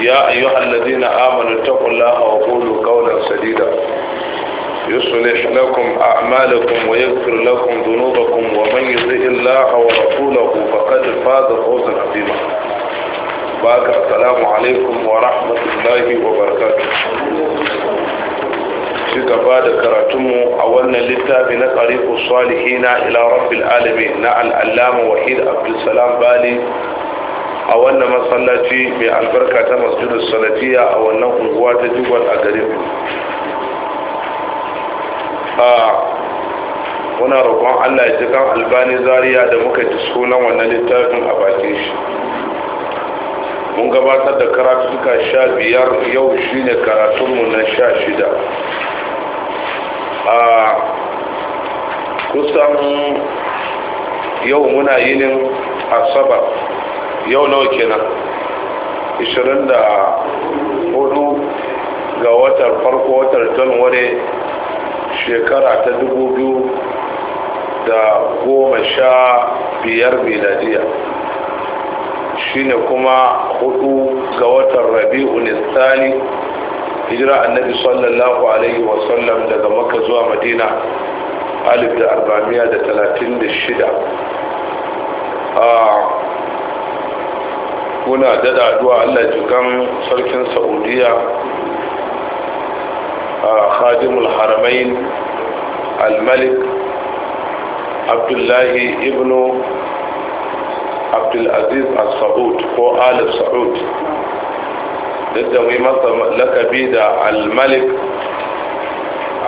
يا أيها الذين آمنوا اتقوا الله وقولوا قولا سديدا يصلح لكم أعمالكم ويغفر لكم ذنوبكم ومن يطع الله ورسوله فقد فاز فوزا عظيما بارك السلام عليكم ورحمة الله وبركاته ci بعد da أولنا a wannan الصالحين إلى رب العالمين ila نعم، rabbil وحيد عبد السلام بالي a wannan masallaci mai albarka ta masjidus salatiya a wannan unguwa ta jigon a garin muna roƙon allah ya jikan albani zaria da muka ji sunan wannan littafin a bakin shi mun gabatar da karatuka sha biyar yau shine karatunmu na sha shida a kusan yau muna yinin asabar yau nawa kenan 24 ga watar farko watar januware shekara ta dubu biyu da goma sha biyar miladiya shine kuma hudu ga watan rabi'u nisani hijira annabi sallallahu alaihi wasallam daga makka zuwa madina alif da arba'amiya da talatin da shida ah, muna daɗa addu'a Allah jikan sarkin Saudiya a khadimul haramain al-malik abdullahi ibnu abdulaziz al-sa'ud ko al-sa'ud duk da mai masa lakabi da al-malik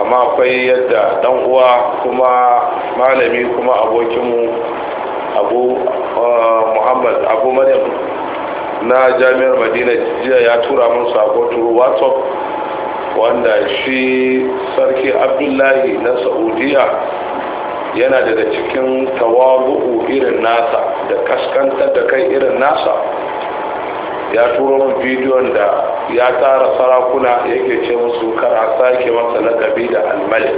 amma akwai yadda dan uwa kuma malami kuma abokinmu abu uh, muhammad abu maryam na jami'ar madina jiya ya tura mun sako turu whatsapp wanda shi sarki abdullahi na saudiya yana daga cikin tawagu'u irin nasa da kaskantar da kai irin nasa ya turo min bidiyon da ya tara sarakuna yake ce musu kar a sake masa lakabi da almalik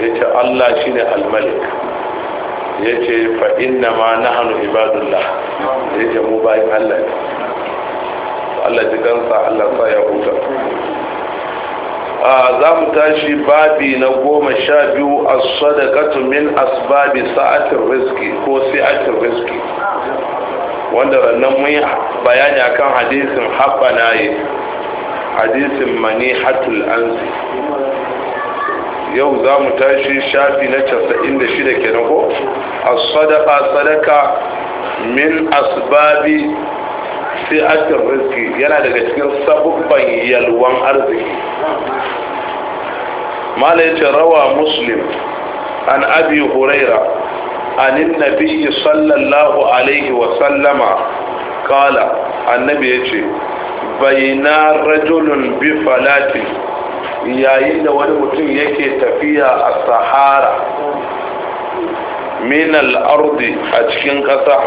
ya ce allah shine almalik ya ce fa'inna ma na hannu ibadullah ya ce mu bayan allah ne allah ji gansa allah sa ya huta za mu tashi babi na goma sha biyu a sadakatu min asbabi sa'atin riski ko sa'atin riski wanda rannan mun yi bayani akan hadisin haɓa na yi hadisin mani hatul anzi yau za mu tashi shafi na 96 kenan ko as sadaka min asbabi si'atir rizqi yana daga cikin sabubban yalwan arziki mala rawa muslim an abi huraira an annabi sallallahu alaihi wa sallama qala annabi yace bayna rajulun bi yayin da wani mutum yake tafiya a sahara min ardi a cikin ƙasa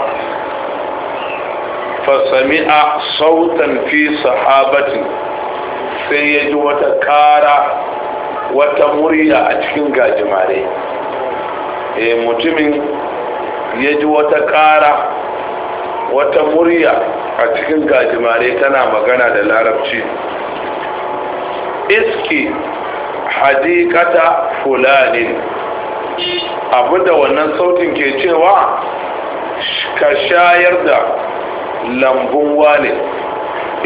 fasami'a sautan fi sahabati sai ya ji wata ƙara wata murya a cikin gajimare e mutumin ya ji wata ƙara wata murya a cikin gajimare tana magana da larabci iski hadikata fulanin da wannan sautin ke cewa ka shayar da lambun wane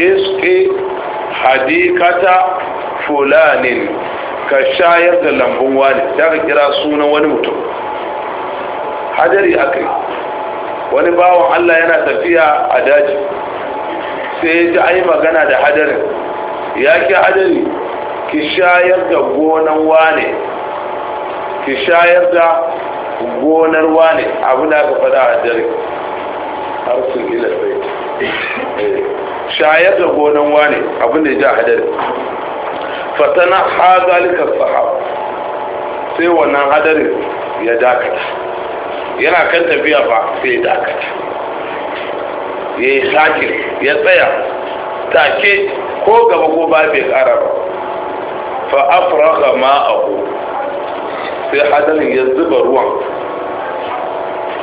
iski hadikata fulanin ka shayar da lambun wane ta ka kira sunan wani mutum hadari aka wani bawan allah yana tafiya a daji sai ya ji a yi magana da hadarin ya ke hadari ki shayar da gonar wane ki shayar da gonar wane abin da aka faɗa a dare har sun gina sai eh, shayar da gonar wane abin da ya ja hadari fatana ha zalika sahab sai wannan hadari ya dakata yana kan tafiya ba sai ya dakata ya yi sakin ya tsaya take ko gaba ko ba bai kara ba fa a ma'ahu sai hadarin ya zuba ruwan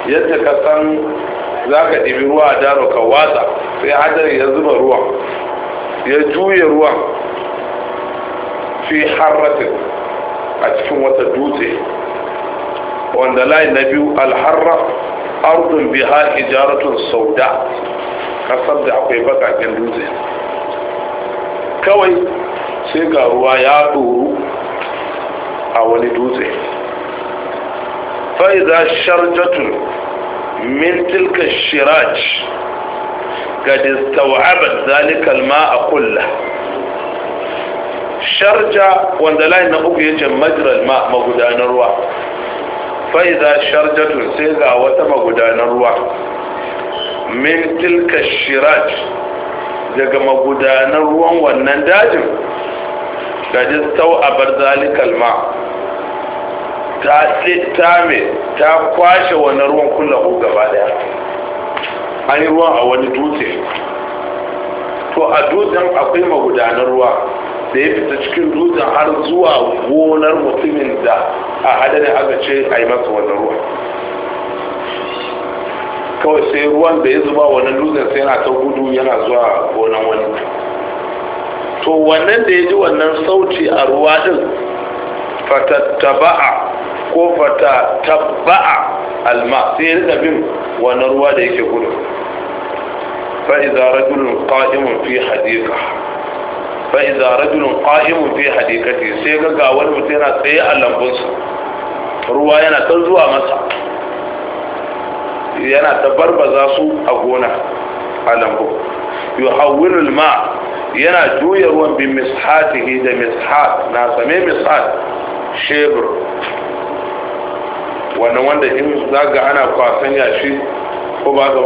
yadda ka san za ka ɗibi ruwa a daro ka watsa sai hadarin ya zuba ruwan ya juye ruwan fi harratin a cikin wata dutse wanda layi na biyu alharra ardun biha ijaratun sauda kasar da akwai bakakin dutse kawai sai ga ruwa ya ɗoru a wani dutse fa'iza sharjatun min tilka shiraj ga distawa'abar zalikal ma a kulla sharja wanda layin na uku yace majral ma magudanar ruwa fa'iza sharjatun sai ga wata magudanar ruwa min tilka shiraj daga magudanar ruwan wannan dajin gajin sau a bar zalikal ma ta me ta kwashe wani ruwan kullahu gaba daya an yi ruwan a wani dutse to a dutsen akwai magudanar ruwa da ya fita cikin dutsen har zuwa gonar mutumin da a hadarin aka ce a yi masa wani ruwa kawai sai ruwan da ya zuba wani dutsen sai yana ta gudu yana zuwa gonar wani to wannan da ya ji wannan sauti a ruwa din fatattaba'a ko fatattaba'a alma sai ya bin wannan ruwa da yake gudu fa'iza rajulun qa'imun fi hadika. fa'iza rajulun qa'imun fi hadikati sai ga ga wani mutum yana tsaye a lambunsa ruwa yana ta zuwa masa yana ta barbaza su a gona a lambu yuhawwilul ma' yana juya ruwan bin mishatihi da mishat na same mishat shebur wannan wanda in zaga ana kwasan yashi ko ba ga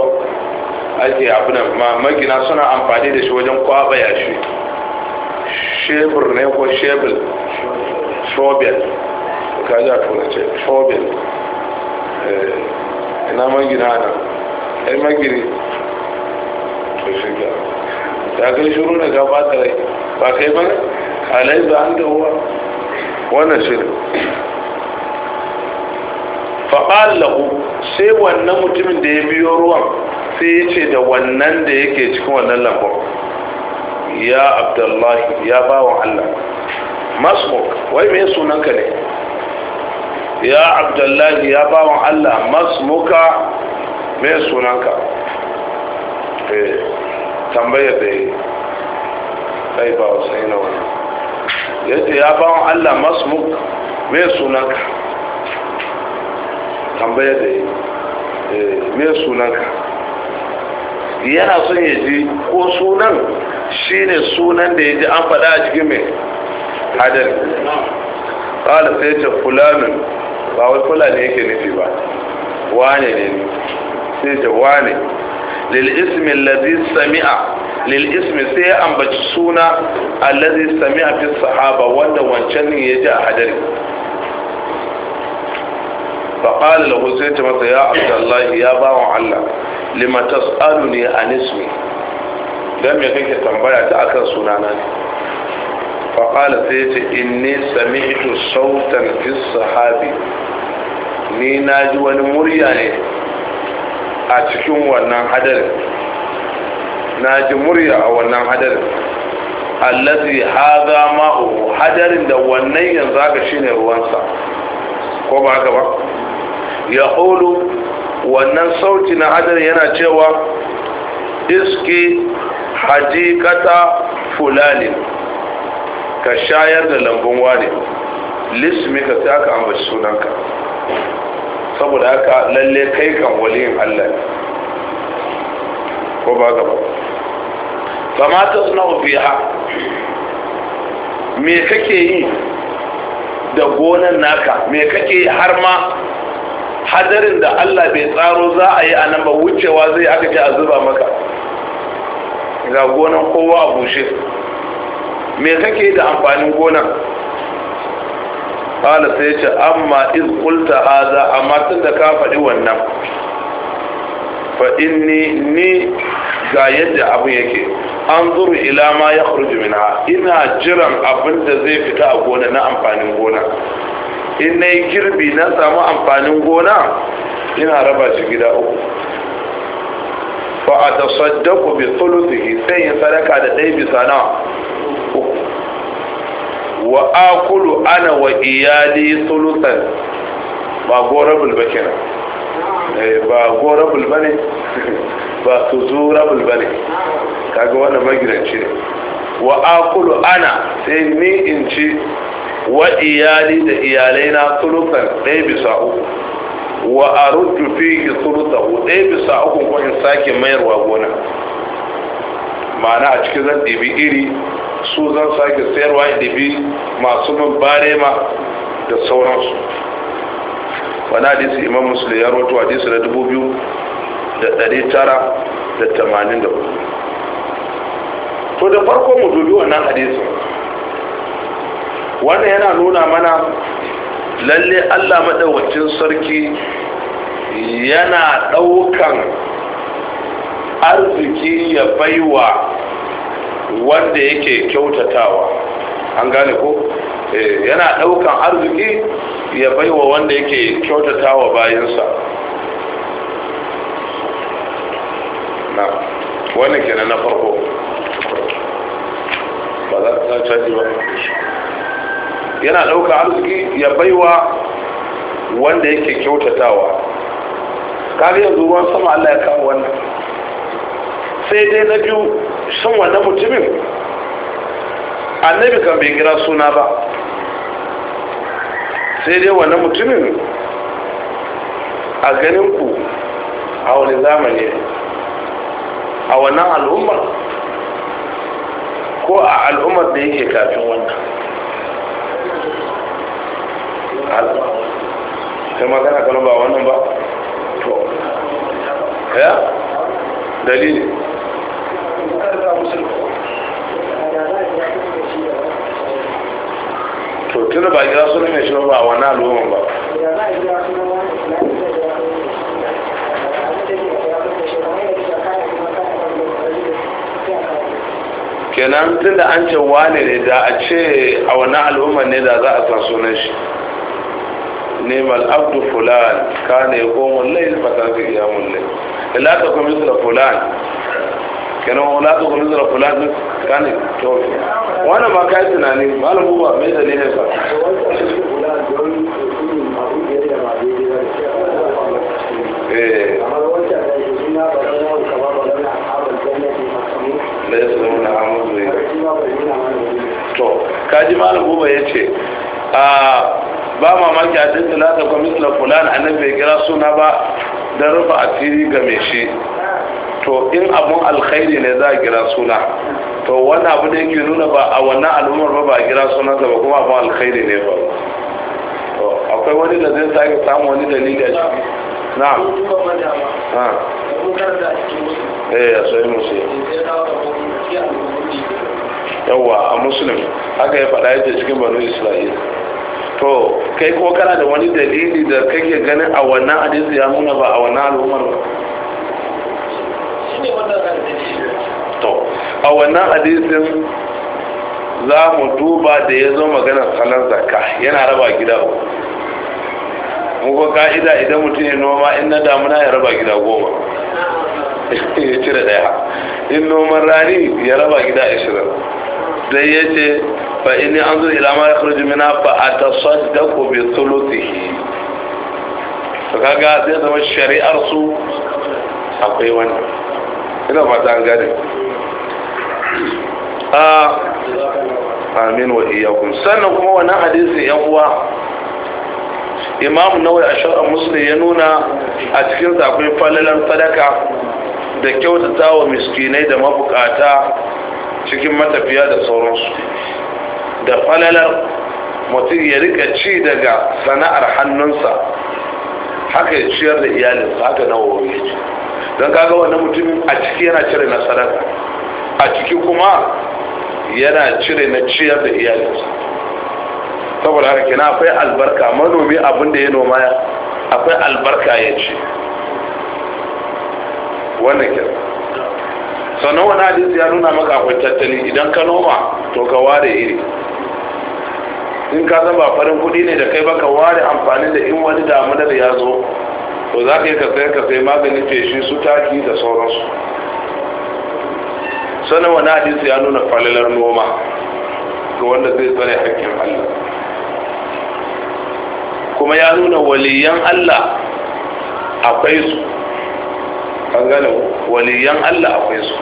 ake abu da magina suna amfani da shi wajen kwaba yashi shebur ne ko shebul shobel ka ji a ce shobel eh, ina magina nan ai magini to shi ta kai shuru na gaba ta rai ba kai ba alai ba an da wannan shirin faɓar lahu sai wannan mutumin da ya biyo ruwan sai ya ce da wannan da yake cikin wannan lambar ya abdullahi ya wa allah masmuk wai mai sunanka ne ya abdullahi ya wa allah masmuka mai sunanka eh, tambayar da ya kai ba wasu yana wani ya ce ya wa allah masmuk mai sunanka tambayar da ya mai eh, sunanka yana son ya ji ko sunan shi ne sunan da ya ji an faɗa a cikin mai hadari Kada sai ce fulanin ba wai fulani yake nufi ba wane ne sai ce wane للاسم الذي سمع للاسم سي انبج سونا الذي سمع في الصحابة وانا وانشان يجا حجري فقال له سيدة مصر يا عبد الله يا باو الله لما تسألني عن اسمي لم يكن تنبيع تأكل سنانا فقال سيدة اني سمعت صوتا في الصحابي ني ناجي وني مرياني a cikin wannan hadarin na ji murya a wannan hadarin allazi haza ma'u hadarin da wannan yanzu haka shine ruwansa ko ba haka ba ya hulu wannan sauti na hadarin yana cewa iski hajikata fulani ka shayar da lambun wane ka sai aka ambaci sunanka saboda haka lalle kai kan waliyin Allah ne ko ba gaba ma ta suna biha me kake yi da gonan naka me kake yi har ma hadarin da Allah bai tsaro za a yi a nan ba wucewa zai aka ce a zuba maka ga gonan kowa a bushe me kake yi da amfanin gonan qala sai ce amma iz qulta hadha amma tun da ka faɗi wannan fa inni ni ga yadda abin yake an zuru ila ma ya minha ina jiran abin da zai fita a gona na amfanin gona in na yi girbi na samu amfanin gona ina raba shi gida uku fa a tasaddaku bi thuluthihi sai yin sadaka da ɗaya bisa na uku wa akulu ana wa iyali sulutan ba gorabul ba kenan eh, ba gorabul ba ne ba su zurabul ba ne kaga wannan magidanci ne wa akulu ana sai ni in ci wa iyali da iyalai na sulusan ɗaya bisa uku wa a rudu fiye sulusahu ɗaya bisa uku ko in sake mayarwa gona ma'ana a cikin zan ɗibi iri su zan sake sayarwa inda bi masu min barema da sauransu wani hadisi imam musulun ya rotu hadisi na dubu biyu da ɗari tara da tamanin da hudu to da farko mu dubi wannan hadisi wannan yana nuna mana lalle allah maɗaukacin sarki yana ɗaukan arziki ya baiwa wanda yake kyautatawa an gane ko eh, yana daukan arziki ya baiwa wanda yake kyautatawa bayansa na wani kenan na farko ba za ta caji ba yana daukan arziki ya baiwa wanda yake kyautatawa kaga yanzu sama Allah ya kawo wannan sai dai na biyu shan wannan mutumin annabi kan bai kira suna ba sai dai wannan mutumin a ganinku a wani zamani a wannan al'umma ko a al'ummar da yake kafin wannan ta magana kanu ba wannan ba to ya dalili to tun da ba kira sunan mai ba a wani al'umman ba kenan tun da an ce wane ne da a ce a wani al'umman ne da za a san sunan shi نعم العبد فلان كان يقوم الليل فترك قيام الليل لا تكن مثل Fulan. kana wala ta kuma zara kula duk kane to wani ma kai tunani malam me da ne sa eh kaji malam buba ya ce a ah, ba mamaki a jinsu na ta kwamis la fulan annabi bai kira suna ba don rufe asiri ga mai shi to in abun alkhairi ne za a gira suna to wani abu da yake nuna ba a wannan al'ummar ba ba a gira sunansa ba kuma abun alkhairi ne ba akwai wani da zai sake samu wani dalili a ciki na'am ha eh ya sai musu yawa a musulmi haka ya faɗa yake cikin banu isra'ila to kai ko kana da wani dalili da kake ganin a wannan hadisi ya nuna ba a wannan al'ummar ba to a wannan hadisin za mu duba da ya zo maganar salar zakka yana raba gida uku muka ka'ida idan mutum ya noma in na damuna ya raba gida goma ya cire daya in noman rani ya raba gida ashirin zai ya ce fa ini an zo ilama ya kuri jimina fa a tasar da ko bi sulusihi to kaga zai zama shari'ar su akwai wannan ina fata an gane amin wa iyakun sannan kuma wani hadisin yan uwa imam nawai a shar'an musulun ya nuna a cikin zafi falalan sadaka da kyautata wa miskinai da mabukata cikin matafiya da sauransu da falalar mutum ya rika ci daga sana'ar hannunsa haka ya ciyar da iyalinsa haka nawa wani don kaga wannan mutumin a ciki yana cire na sadaka a ciki kuma yana cire na ciyar da iyalinsa saboda haka kina akwai albarka manomi abin da ya noma akwai albarka ya ce wannan kira sannan wani hadisi ya nuna maka akwai tattali idan ka noma to ka ware iri in ka zaba farin kudi ne da kai baka ware amfani da in wani da ya zo ko za ka yi kai-ka kasai maganin feshi su taki da sauransu sanin wani hadisi ya nuna falilar noma ga wanda zai tsare hakkin allah kuma ya nuna waliyan allah akwai su an gane waliyan allah akwai su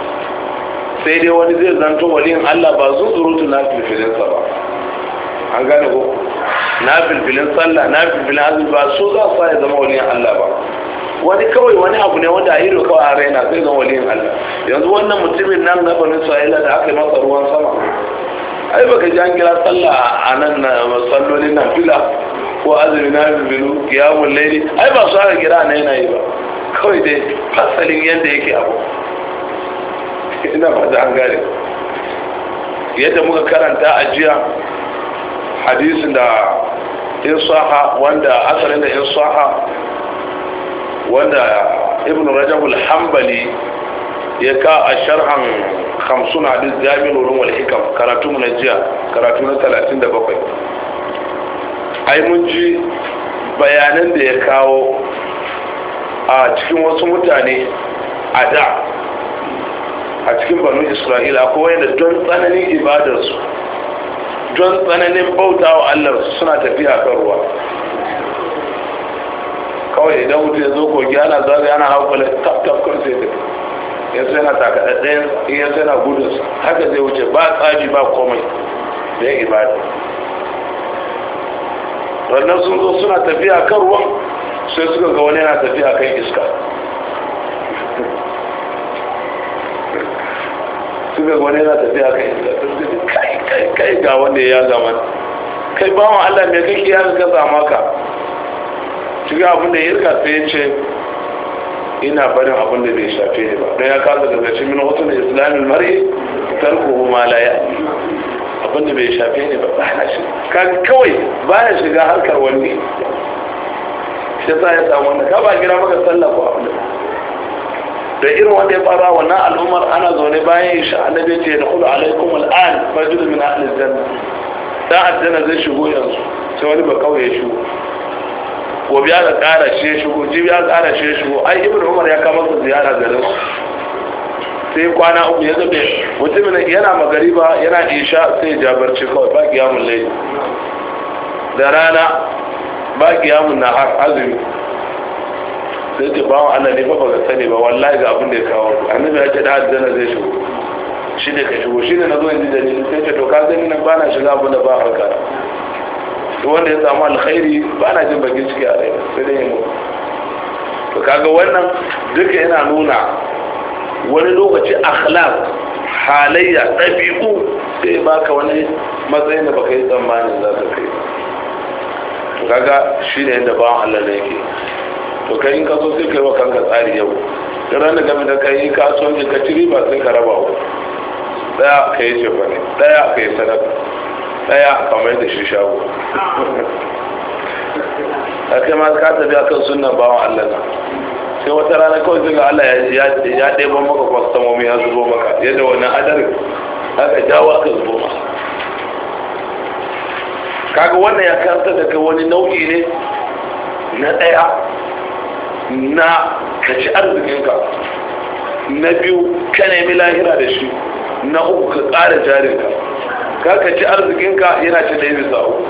sai dai wani zai zanto waliyan allah ba su surutu na filfilinsa ba an gane ko na filfilin sallah na filfilin azumi ba su za su ya zama waliyan Allah ba wani kawai wani abu ne wanda a yi kawai a raina sai zama waliyan Allah yanzu wannan mutumin nan na bani sa'ila da aka yi masa ruwan sama ai baka ji an kira sallah a nan na sallolin na fila ko azumi na bilbilu kiyamun laili ai ba su aka kira na yanayi ba kawai dai fasalin yadda yake abu ina ba da an gane yadda muka karanta a jiya hadisin da insaha wanda asalin da insaha wanda ibn rajab al-hanbali ya ka a sharhan 50 hadis jami'ul ulum wal hikam karatu na jiya karatu na 37 ai mun ji bayanan da ya kawo a cikin wasu mutane a da a cikin banu isra'ila akwai wanda don tsananin ibadarsu don tsananin bauta wa Allah suna tafiya kan ruwa kawai idan wuce zo kogi ana zagaya ana haukula tap tap kan sai tafi ya sai na takadaddin ya sai na gudunsa haka zai wuce ba tsaji ba komai da ya ibada wannan sun zo suna tafiya kan ruwan sai suka ga wani yana tafiya kan iska suka ga wani yana tafiya kan iska kai ga wanda ya zama kai ba mu Allah me kake ya ga zama ka shiga abin da ya rika sai ya ce ina barin abin da bai shafe ni ba don ya kasa daga cikin min hutun islamin mar'i tarko ma la ya'ni abin da bai shafe ni ba ba shi kawai ba ya shiga harkar wani shi yasa ya samu wannan ka ba gira maka sallah ko abin da da irin wanda ya fara wannan al'ummar ana zaune bayan sha annabi ce da kula alaikum al'an rajul min ahli janna dan aljanna zai shigo yanzu sai wani ba kawai ya shigo gobe ya kara shi shigo jibi ya kara shi shigo ai ibnu umar ya kama su ziyara garin sai kwana uku ya zabe mutumin yana magariba yana isha sai jabarci kawai ba kiyamun laili da rana ba kiyamun nahar azumi sai ce bawon Allah ne ba ga sani ba wallahi ga abin da ya kawo annabi ya ce da na zai shigo shi ne ka shigo shi ne na zo yanzu da ni sai ce to ka gani nan ba na shiga abin da ba harka to wanda ya samu alkhairi ba na jin bakin ciki a rai sai dai yin to kaga wannan duka yana nuna wani lokaci akhlaq halayya ɗabi'u sai baka wani matsayin da baka yi tsammanin za ka kai kaga shi ne yadda ba Allah ne yake to kai in ka so sai kai wa kanka tsari yau da ranar game da kai ne ka ci ba sai ka raba wa daya ka yi cefa ne daya ka yi sadaka daya kamar da shi shago a kai ma ka tafi kan sunan bawan allah na sai wata rana kawai sai ga allah ya ɗeban maka kwastamomi ya zubo maka yadda wani adar haka jawo aka zubo maka kaga wannan ya karanta daga wani nau'i ne na ɗaya na ka ci arzikinka na biyu ka nemi lahira da shi na uku ka ƙara jarinka ka ka ci arzikinka yana ci ɗaya bisa uku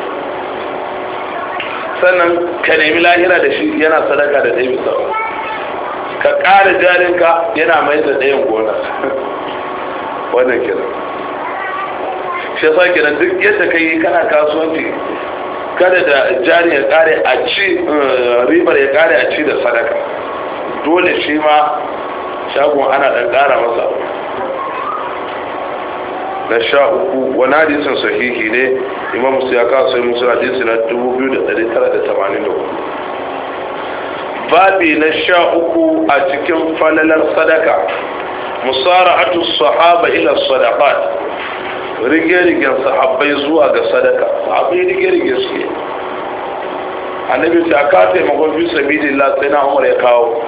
sannan ka nemi lahira da shi yana sadaka da yi bisa uku ka ƙara jarinka yana mai da ɗayan gona wannan kira shi yasa kira duk yadda ka yi kana kasuwanci kada da jari ya kare a ci eh, ribar ya kare a ci da sadaka dole shi ma shagon ana dan kara masa na sha uku wani hadisin sahihi ne imam musu ya kawo sai musu hadisi na 2984 babi na sha uku a cikin falalar sadaka musara'atu sahaba ila sadaqat rige-rigen sahabbai zuwa ga sadaka sahabbai rige-rige suke annabi ta ka taimakon fi sabilillah sai na umar ya kawo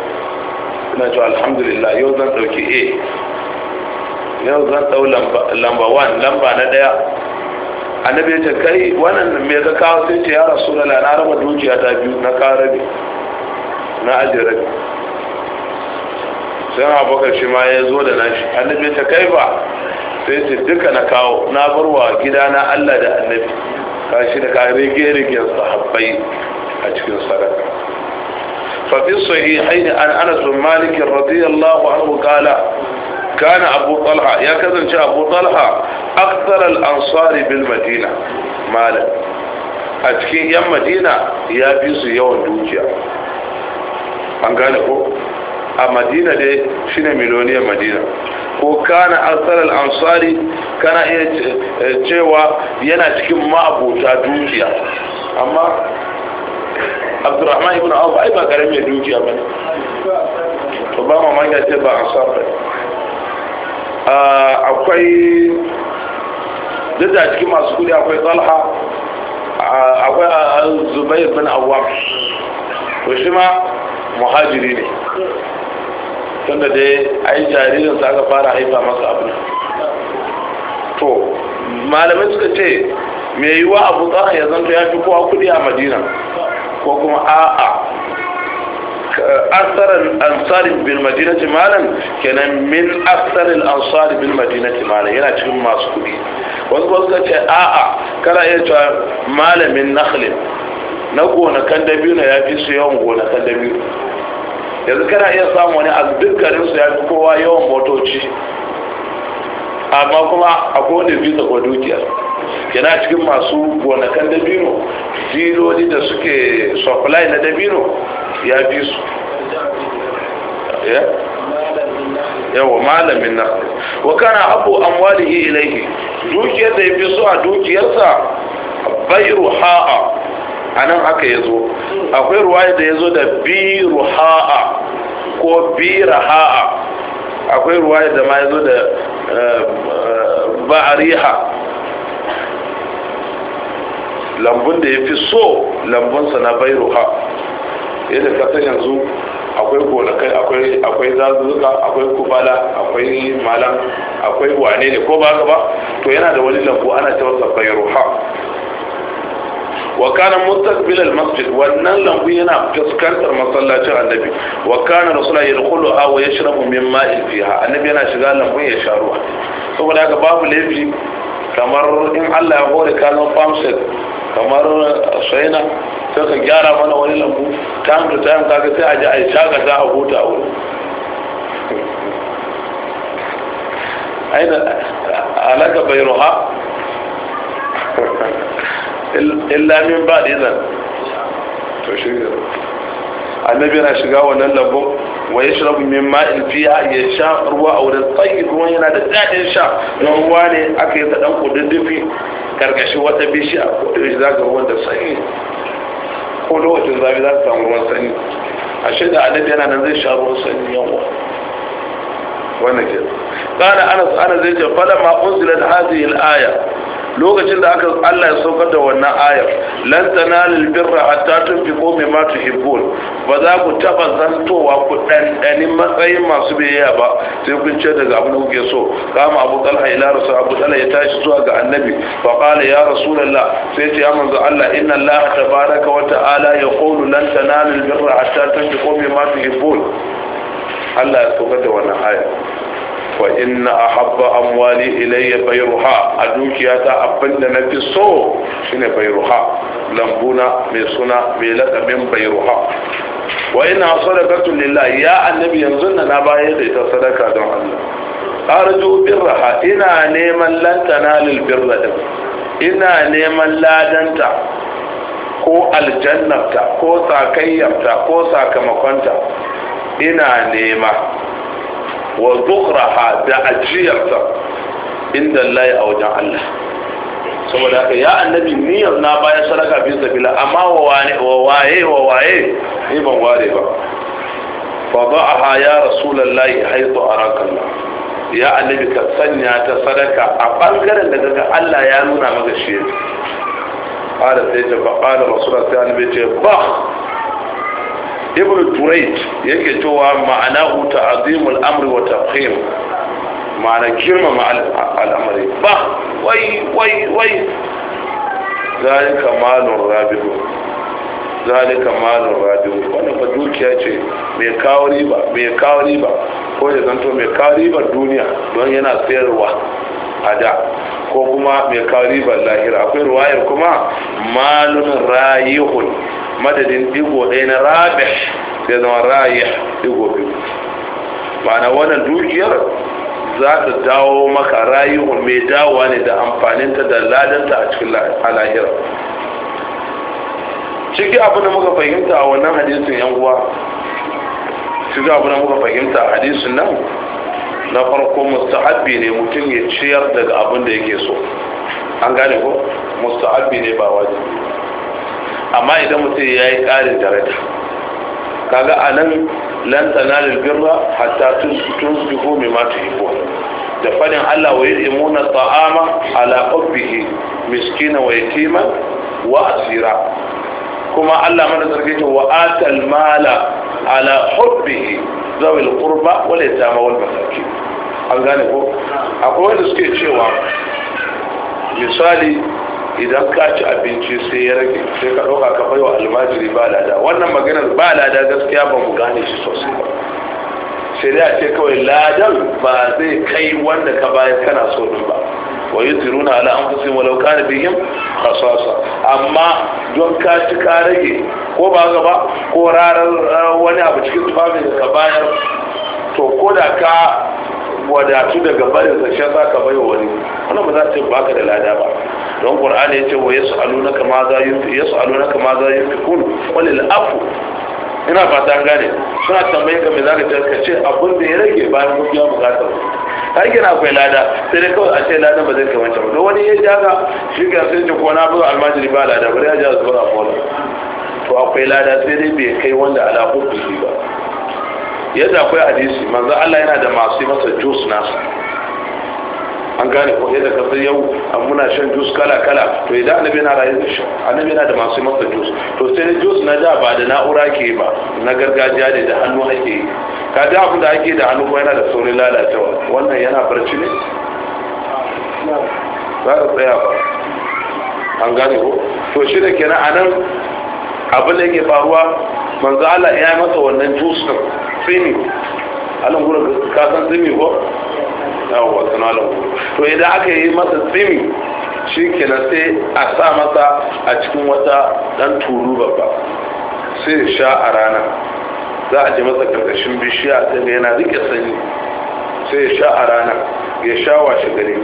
ina cewa alhamdulillah yau zan dauki a yau zan dau lamba 1 lamba na daya annabi ta kai wannan me ka kawo sai ce ya rasulullah na raba dukiya ta biyu na karabi na ajira sai abokan shi ma ya zo da nashi annabi ta kai ba sai ce duka na kawo na barwa gidana Allah da annabi kashi da kare gerigen sahabbai a cikin sadaka fa fi sahihain an Anas bin Malik radiyallahu anhu qala كان أبو طلحة يا كذا شاء أبو طلحة أكثر الأنصار بالمدينة مالا an gane ko a madina dai shine miloniyar madina ko kana aksar ansari kana iya eh, cewa yana cikin ma'abuta dukiya amma abdurrahman ibn abu ai ba karamin dukiya ba ne to ba mamaki ce ba ansar akwai duk cikin masu kudi akwai talha akwai zubair bin awam to shi ma muhajiri ne tunda dai a yi jaririn sa aka fara haifa masa abu to malamai suka ce mai wa abu tsaka ya zanto ya fi kowa kudi a madina ko kuma a'a asarar ansari bil madinati malan kenan min asarar ansari bil madinati malan yana cikin masu kudi wasu ba suka ce a'a kana iya cewa malamin nakhlin na gonakan dabino ya fi su yawan gonakan dabino yanzu kana iya samu wani a dukkanin su ya fi kowa yawan motoci amma kuma ko wanda bisa ko dukiya yana cikin masu gonakan dabino filoli da suke supply na dabino ya fi su eh? yawa malamin na wa kana abu amwalihi ilaihi dukiyar da ya fi su a dukiyarsa bayru ha'a a nan haka ya zo akwai ruwaya da ya zo da bi ruha'a ko bi raha'a akwai ruwaya da ma ya zo da eh, ba'ariha lambun da ya fi so lambunsa na bairu ruha yadda kasar yanzu akwai gonakai akwai zazuka akwai kubala akwai malam akwai wane ne ko ba ba to yana da wani lambu ana cewa masa bai ruha wa kana mustaqbil al masjid wannan lambu yana fuskantar masallacin annabi wa kana rasulullahi yadkhulu aw yashrabu min ma'in fiha annabi yana shiga lambun ya sha ruwa saboda haka babu laifi kamar in Allah ya hore ka zama kamar shaina sai ka gyara mana wani lambu time to time kaga sai a ji a yi za a huta a aina alaka bai إلا من بعد إذن النبي نشقى ونلبه ويشرب من ماء فيها يشاء روى أو للطيب وين هذا الزاد يشاء نواني أكي تدنقو ددفي كرقش وتبيشي أكو إجزاك هو ده صحيح كله إجزاك ده تمر وصحيح أشهد أن النبي أنا نزل شهر وصحيح يوم وانا كده قال أنا أنا زيجة فلما أنزلت هذه الآية lokacin da aka Allah ya saukar da wannan ayar lan tanalul birra hatta tunfiqu mimma tuhibbun ba za ku taba zantowa ku dandani matsayin masu biyayya ba sai kun ce daga abin da kuke so kama Abu Talha ila rasul Abu Talha ya tashi zuwa ga Annabi fa qala ya rasulullah sai ce ya manzo Allah inna Allah tabaraka wa ta'ala yaqulu lan tanalul birra hatta tunfiqu mimma tuhibbun Allah ya saukar da wannan ayar fa inna ahabba amwali ilayya bayruha a dukiyata abin da na fi so shine bayruha lambuna mai suna mai lakabin bayruha wa ina sadaqatu lillah ya annabi yanzu na bayar da ita sadaka don Allah arju birraha ina neman lantana lil birra ina neman ladanta ko aljannarta ko sakayyarta ko sakamakonta ina nema wa zukhraha da ajiyarta inda Allah a wajen Allah saboda haka ya annabi niyyar na bayan sadaka bin sabila amma wa waye wa waye ni ban ware ba fada'aha ya rasulullahi haitu araka Allah ya annabi ka sanya ta sadaka a bangaren da daga Allah ya nuna maka shi qala sai ta fa qala sai annabi ce ba ibn turait yake cewa ma'ana ta azimul amri wa tafhim ma'ana girmama al'amari ba wai wai wai zalika malun rabihu zalika malun rabihu wannan fa dukiya ce mai kawo riba mai kawo riba ko ya zanto mai kawo ba duniya don yana sayarwa a da ko kuma mai kawo ribar lahira akwai ruwayar kuma malun rayihun madadin digo ɗaya na rabih sai zama rayih digo biyu ma'ana wannan dukiyar za ta dawo maka rayihun mai dawowa ne da amfaninta da ladanta a cikin lahira ciki abin da muka fahimta a wannan hadisin yan uwa ciki abin da muka fahimta a hadisin nan na farko mustahabbi ne mutum ya ciyar daga abin da yake so an gane ko mustahabbi ne ba wajibi amma idan mutum ya yi ƙarin daraja kaga a nan lan tanalil birra hatta ma ta tuhibbun da fadin Allah wa yudimuna ta'ama ala qubbihi miskina wa yatiman wa asira kuma Allah mana sarki ce wa atal mala ala hubbihi zawil qurba wal yatama wal masakin an gane ko akwai wanda suke cewa misali idan ka ci abinci sai ya rage sai ka ɗauka ka baiwa almajiri ba lada wannan maganar ba lada gaskiya ba mu gane shi sosai ba sai dai a ce kawai ladan ba zai kai wanda ka bayar kana so ba wa yusiruna ala anfusihim walau kana bihim khasasa amma don ka ci ka rage ko ba ba ko rarar wani abu cikin tufafin da ka bayar to ko da ka wadatu daga bayan sashen za ka bai wani Wani ba za ta ka da lada ba don qur'ani ce wa yas'alunaka ma za yi yas'alunaka ma za yi yunfikun walil afu ina ta gane suna tambayi ka me za ka ce abin da ya rage bayan kun biya bukatar har aikin akwai lada sai dai kawai a ce lada ba zai kai wancan ba don wani ya ja ka shi ga sai ce ko na almajiri ba lada bari ya ja zuwa a bola to akwai lada sai dai bai kai wanda ala ku ba yadda akwai hadisi manzo Allah yana da masu masa jus nasu an gane ko yadda ka san yau muna shan jus kala kala to idan annabi yana rayu annabi yana da masu masa jus to sai na jus na da ba da na'ura ke ba na gargajiya ne da hannu ake yi ka da abu da ake da hannu ko yana da saurin lalacewa wannan yana barci ne za ka tsaya ba an gane ko to shi da kenan anan abin da yake faruwa manzo Allah ya masa wannan jus din ne alan gurin ka san tsimi ko yawwa suna lahu to idan aka yi masa tsimi shi na sai a sa masa a cikin wata dan turu babba sai sha a rana za a ji masa karkashin bishiya a tsaye yana rike sanyi sai sha a rana ya sha washe gari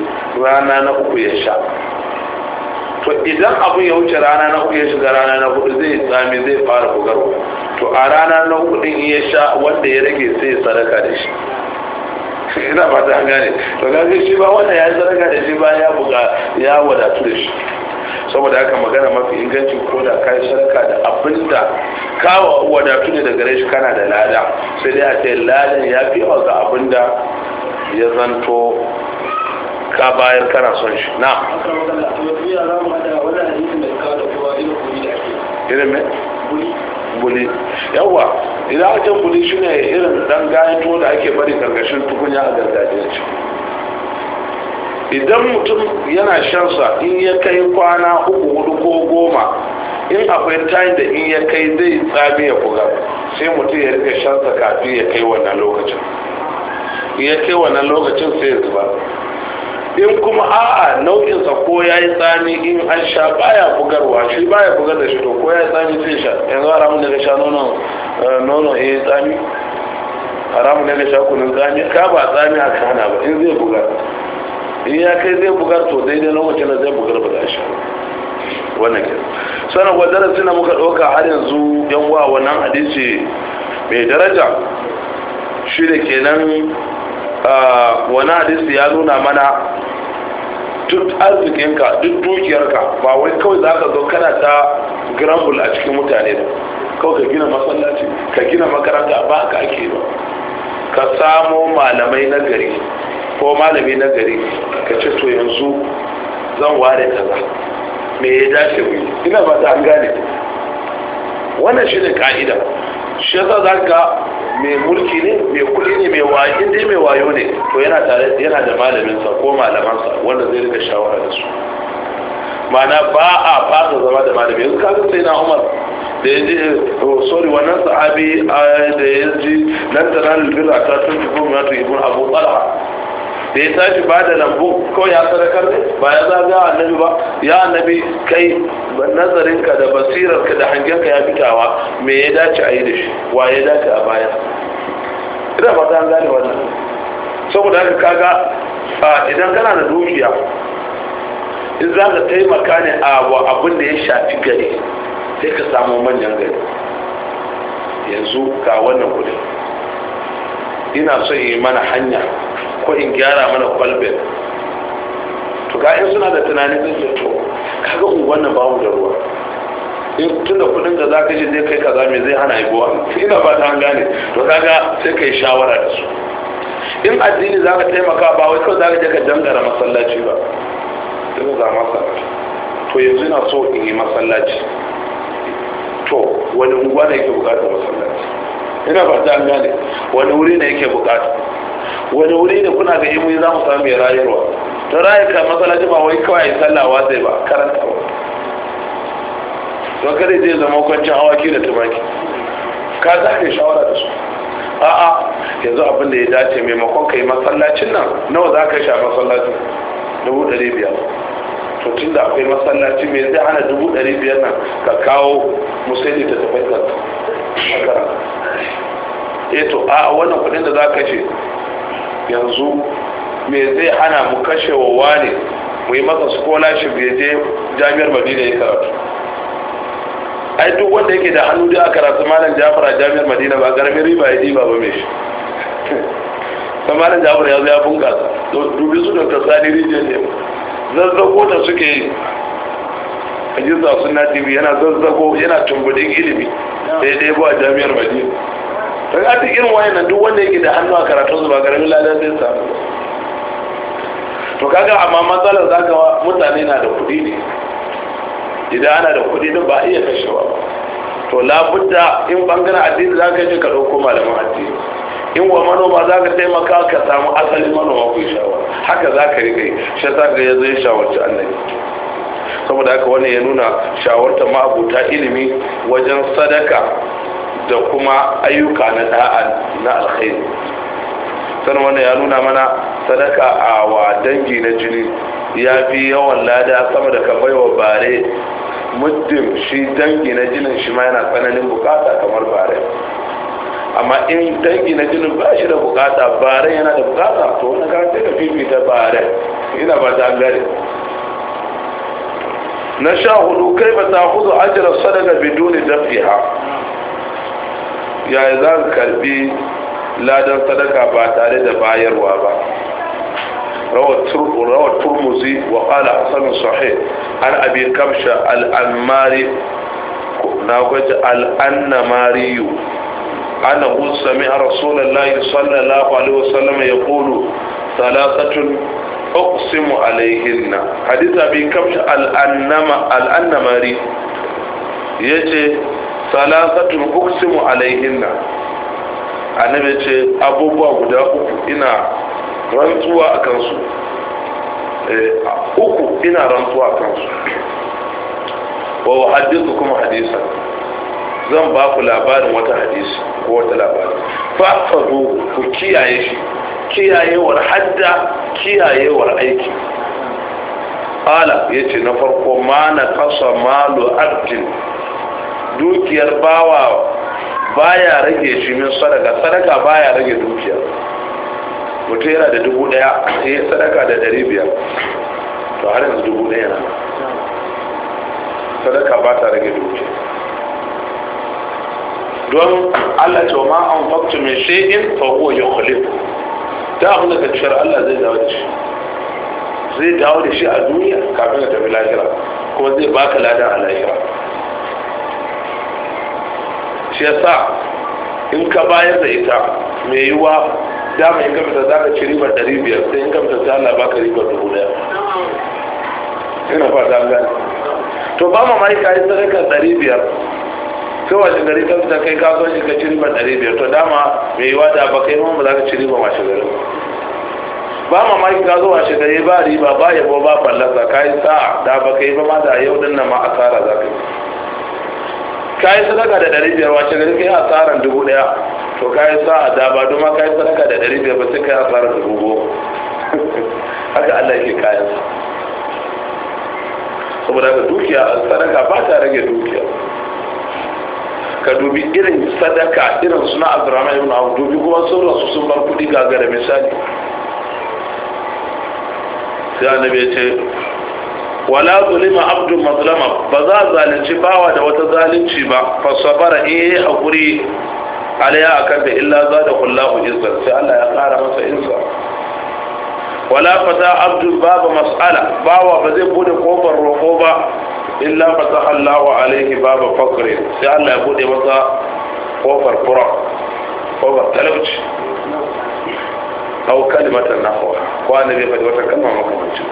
rana na uku ya sha to idan abin ya wuce rana na uku ya shiga rana na hudu zai tsami zai fara bugarwa to a rana na hudu ya sha wanda ya rage sai sadaka da shi ina fata an gane to kaga shi ba wannan ya zarga da shi ba ya buga ya wadatu da shi saboda haka magana mafi ingancin ko da kai sarka da abinda kawa wadatu ne daga gare shi kana da lada sai dai a ce ladan ya fi yawa ga abinda ya zanto ka bayar kana son shi na irin mai kumbuli yawa idan aka shi shine irin dan gayan tuwo da ake bari karkashin tukunya a ce idan mutum yana shansa in ya kai kwana uku hudu ko goma in akwai tayin da in ya kai zai tsami ya kuga sai mutum ya rika shansa kafin ya kai wannan lokacin in ya kai wannan lokacin sai ya zuba in kuma a'a nau'insa ko ya yi tsami in an sha baya bugarwa shi baya bugar da shi to ko ya yi tsami zai sha yanzu haramun daga sha nono eh, nono ya yi tsami haramun daga sha kunun tsami ka ba tsami a kana ba in zai bugar in ya kai zai bugar to daidai lokacin da zai bugar ba za shi wannan ke sanar wa darasi na muka ɗauka har yanzu yan wa wannan hadisi mai daraja shi da kenan Ah, wani hadisi ya nuna mana duk arzikinka duk dukiyarka ba wai kawai za ka zo kana ta grambul a cikin mutane ba kawai ka gina masallaci ka gina makaranta ba ka ake ba ka samo malamai na gari ko malami na gari ka ce to yanzu zan ware kaza me ya dace wuyi ina ba ta an gane wannan shi ne ka'ida shi yasa za ka mai mulki ne mai kudi ne mai wayo dai mai wayo ne to yana tare yana da malaminsa ko malamansa wanda zai rika shawara da su mana ba a fasa zama da malami yanzu sai na umar da ya ji oh, sorry wannan sahabi ah, da ya ji nan da nan lura ta tun fi gomina to ibn abu talha da ya tashi ba da lambu ko ya sadakar ne ba ya zaga annabi ba ya annabi kai nazarinka da basirarka da hangenka ya fitawa me ya dace a yi da shi wa ya dace a baya ina ba ta gane wannan saboda haka kaga idan kana da dukiya in za ka taimaka ne a abin da ya shafi gari sai ka samu manyan gari yanzu ga wannan kudin ina son yi mana hanya ko in gyara mana kwalbin to ga in suna da tunanin zai ce to kaga wannan ba mu da ruwa in tun da kudin da zaka je zai kai kaza me zai hana aibuwa ina ba ta gane to kaga sai kai shawara da su in addini zaka taimaka ba wai kawai zaka je ka dangara masallaci ba sai za masa to yanzu ina so in yi masallaci to wani unguwa ne yake bukatar masallaci ina ba ta gane wani wuri ne yake bukata wani wuri ne kuna ga imu za mu samu mai rayarwa ta rayar ka ji ba wai kawai sallawa zai ba karanta ba don kada zai zama kwanci awaki da tumaki ka za ka shawara da su a'a yanzu abin da ya dace maimakon ka yi masallacin nan nawa za ka sha masallacin dubu ɗari biyar to tun da akwai masallaci mai zai hana dubu ɗari biyar nan ka kawo musaili ta tafai ka eh to a wannan kudin da za ka ce yanzu me zai hana mu kashe wa wane mu yi masa scholarship ya je jami'ar madina ya karatu ai duk wanda yake da hannu da aka rasu malam jafara a jami'ar madina ba garbi riba ya diba ba mai shi sai malam jafar ya zo ya bunkasa dubi su da tasari rijiyar ne zazzago da suke yi a jiza suna tv yana zazzago yana tumbudin ilimi daidai ba jami'ar madina ta ga ta irin wayan duk wanda yake da hannu a karatun zuba garamin karamin ladan zai samu to kaga amma matsalar wa mutane na da kuɗi ne idan ana da kuɗi din ba iya kashewa ba to labudda in bangaren addini za ka yi ka ɗauko malaman addini in wa manoma za ka taimaka ka samu asalin manoma ku shawara haka za ka rike shi sa ga ya zai shawarci annabi saboda haka wannan ya nuna shawarta ma'abuta ilimi wajen sadaka da kuma ayyuka na da'a na alkhairi sannan wannan ya nuna mana sadaka a wa dangi na jini ya fi yawan lada sama da kamar wa bare muddin shi dangi na jinin shi ma yana tsananin bukata kamar bare amma in dangi na jinin ba shi da bukata bare yana da bukata to wani kan sai ka fifita bare ina ba ta gare na sha hudu kai ba ta hudu ajiyar sadaka biduni ha yaya za ka karbi ladan sadaka ba tare da bayarwa ba روى الترمذي وقال حسن صحيح عن ابي كبشه الانماري ناقج الانماري أنه سمع رسول الله صلى الله عليه وسلم يقول ثلاثة أقسم عليهن حديث أبي كبش الأنما الأنماري يجي ثلاثة أقسم عليهن annabi ce abubuwa guda uku ina rantsuwa a kansu uku ina rantsuwa a kansu wa wa kuma hadisa zan ba ku labarin wata hadisi ko wata labari fafazo ku kiyaye shi kiyayewar hadda kiyayewar aiki ala ya ce na farko ma na kasa malu abdin dukiyar bawa baya rage shi min sadaka sadaka baya rage dukiyar mutu yana da dubu daya sai sadaka da dari biyar to har yanzu dubu daya na sadaka ba ta rage dukiyar don Allah ce ma an faktu min shay'in fa huwa yukhlif da abin da kafir Allah zai dawo da shi zai dawo da shi a duniya kafin ka tafi lahira kuma zai baka ladan a lahira shi sa in ka bayar da ita mai yiwuwa dama in ka fita za ka ci ribar ɗari biyar sai in ka fita sai Allah baka ribar dubu ɗaya ina fata ta gani. to ba ma ka yi sadaka ɗari biyar sai washe gari ka fita kai kasuwanci ka ci riba ɗari biyar to dama mai yiwa da ba kai ba za ka ci riba washe gari ba mamaki ka zo washe gari ba riba ba yabo ba fallasa ka yi sa'a da ba kai ba ma da yau din nan ma asara za ka yi ka yi sadaka da ɗari biyar washe gari ka yi asaran dubu ɗaya to ka yi sa'a da ba duma ka yi sadaka da ɗari biyar ba sai ka yi asaran dubu goma haka Allah ke kayan saboda ka dukiya sadaka ba ta rage dukiya ka dubi irin sadaka irin suna abdurrahman ibn abu dubi kuma sauran su sun bar kudi gagara misali sai annabi ya ce wala zulima abdu mazlama ba za a zalunci bawa da wata zalunci ba fa sabara eh hakuri alaya akan da illa za da kullahu izzat sai Allah ya kara masa izza wala fata abdul baba mas'ala bawa ba zai bude kofar roƙo ba illa fataha Allahu alaihi baba fakri sai Allah ya bude masa kofar fura kofar talauci aw kalimatan nahwa ko annabi fa da wata kalma makamancin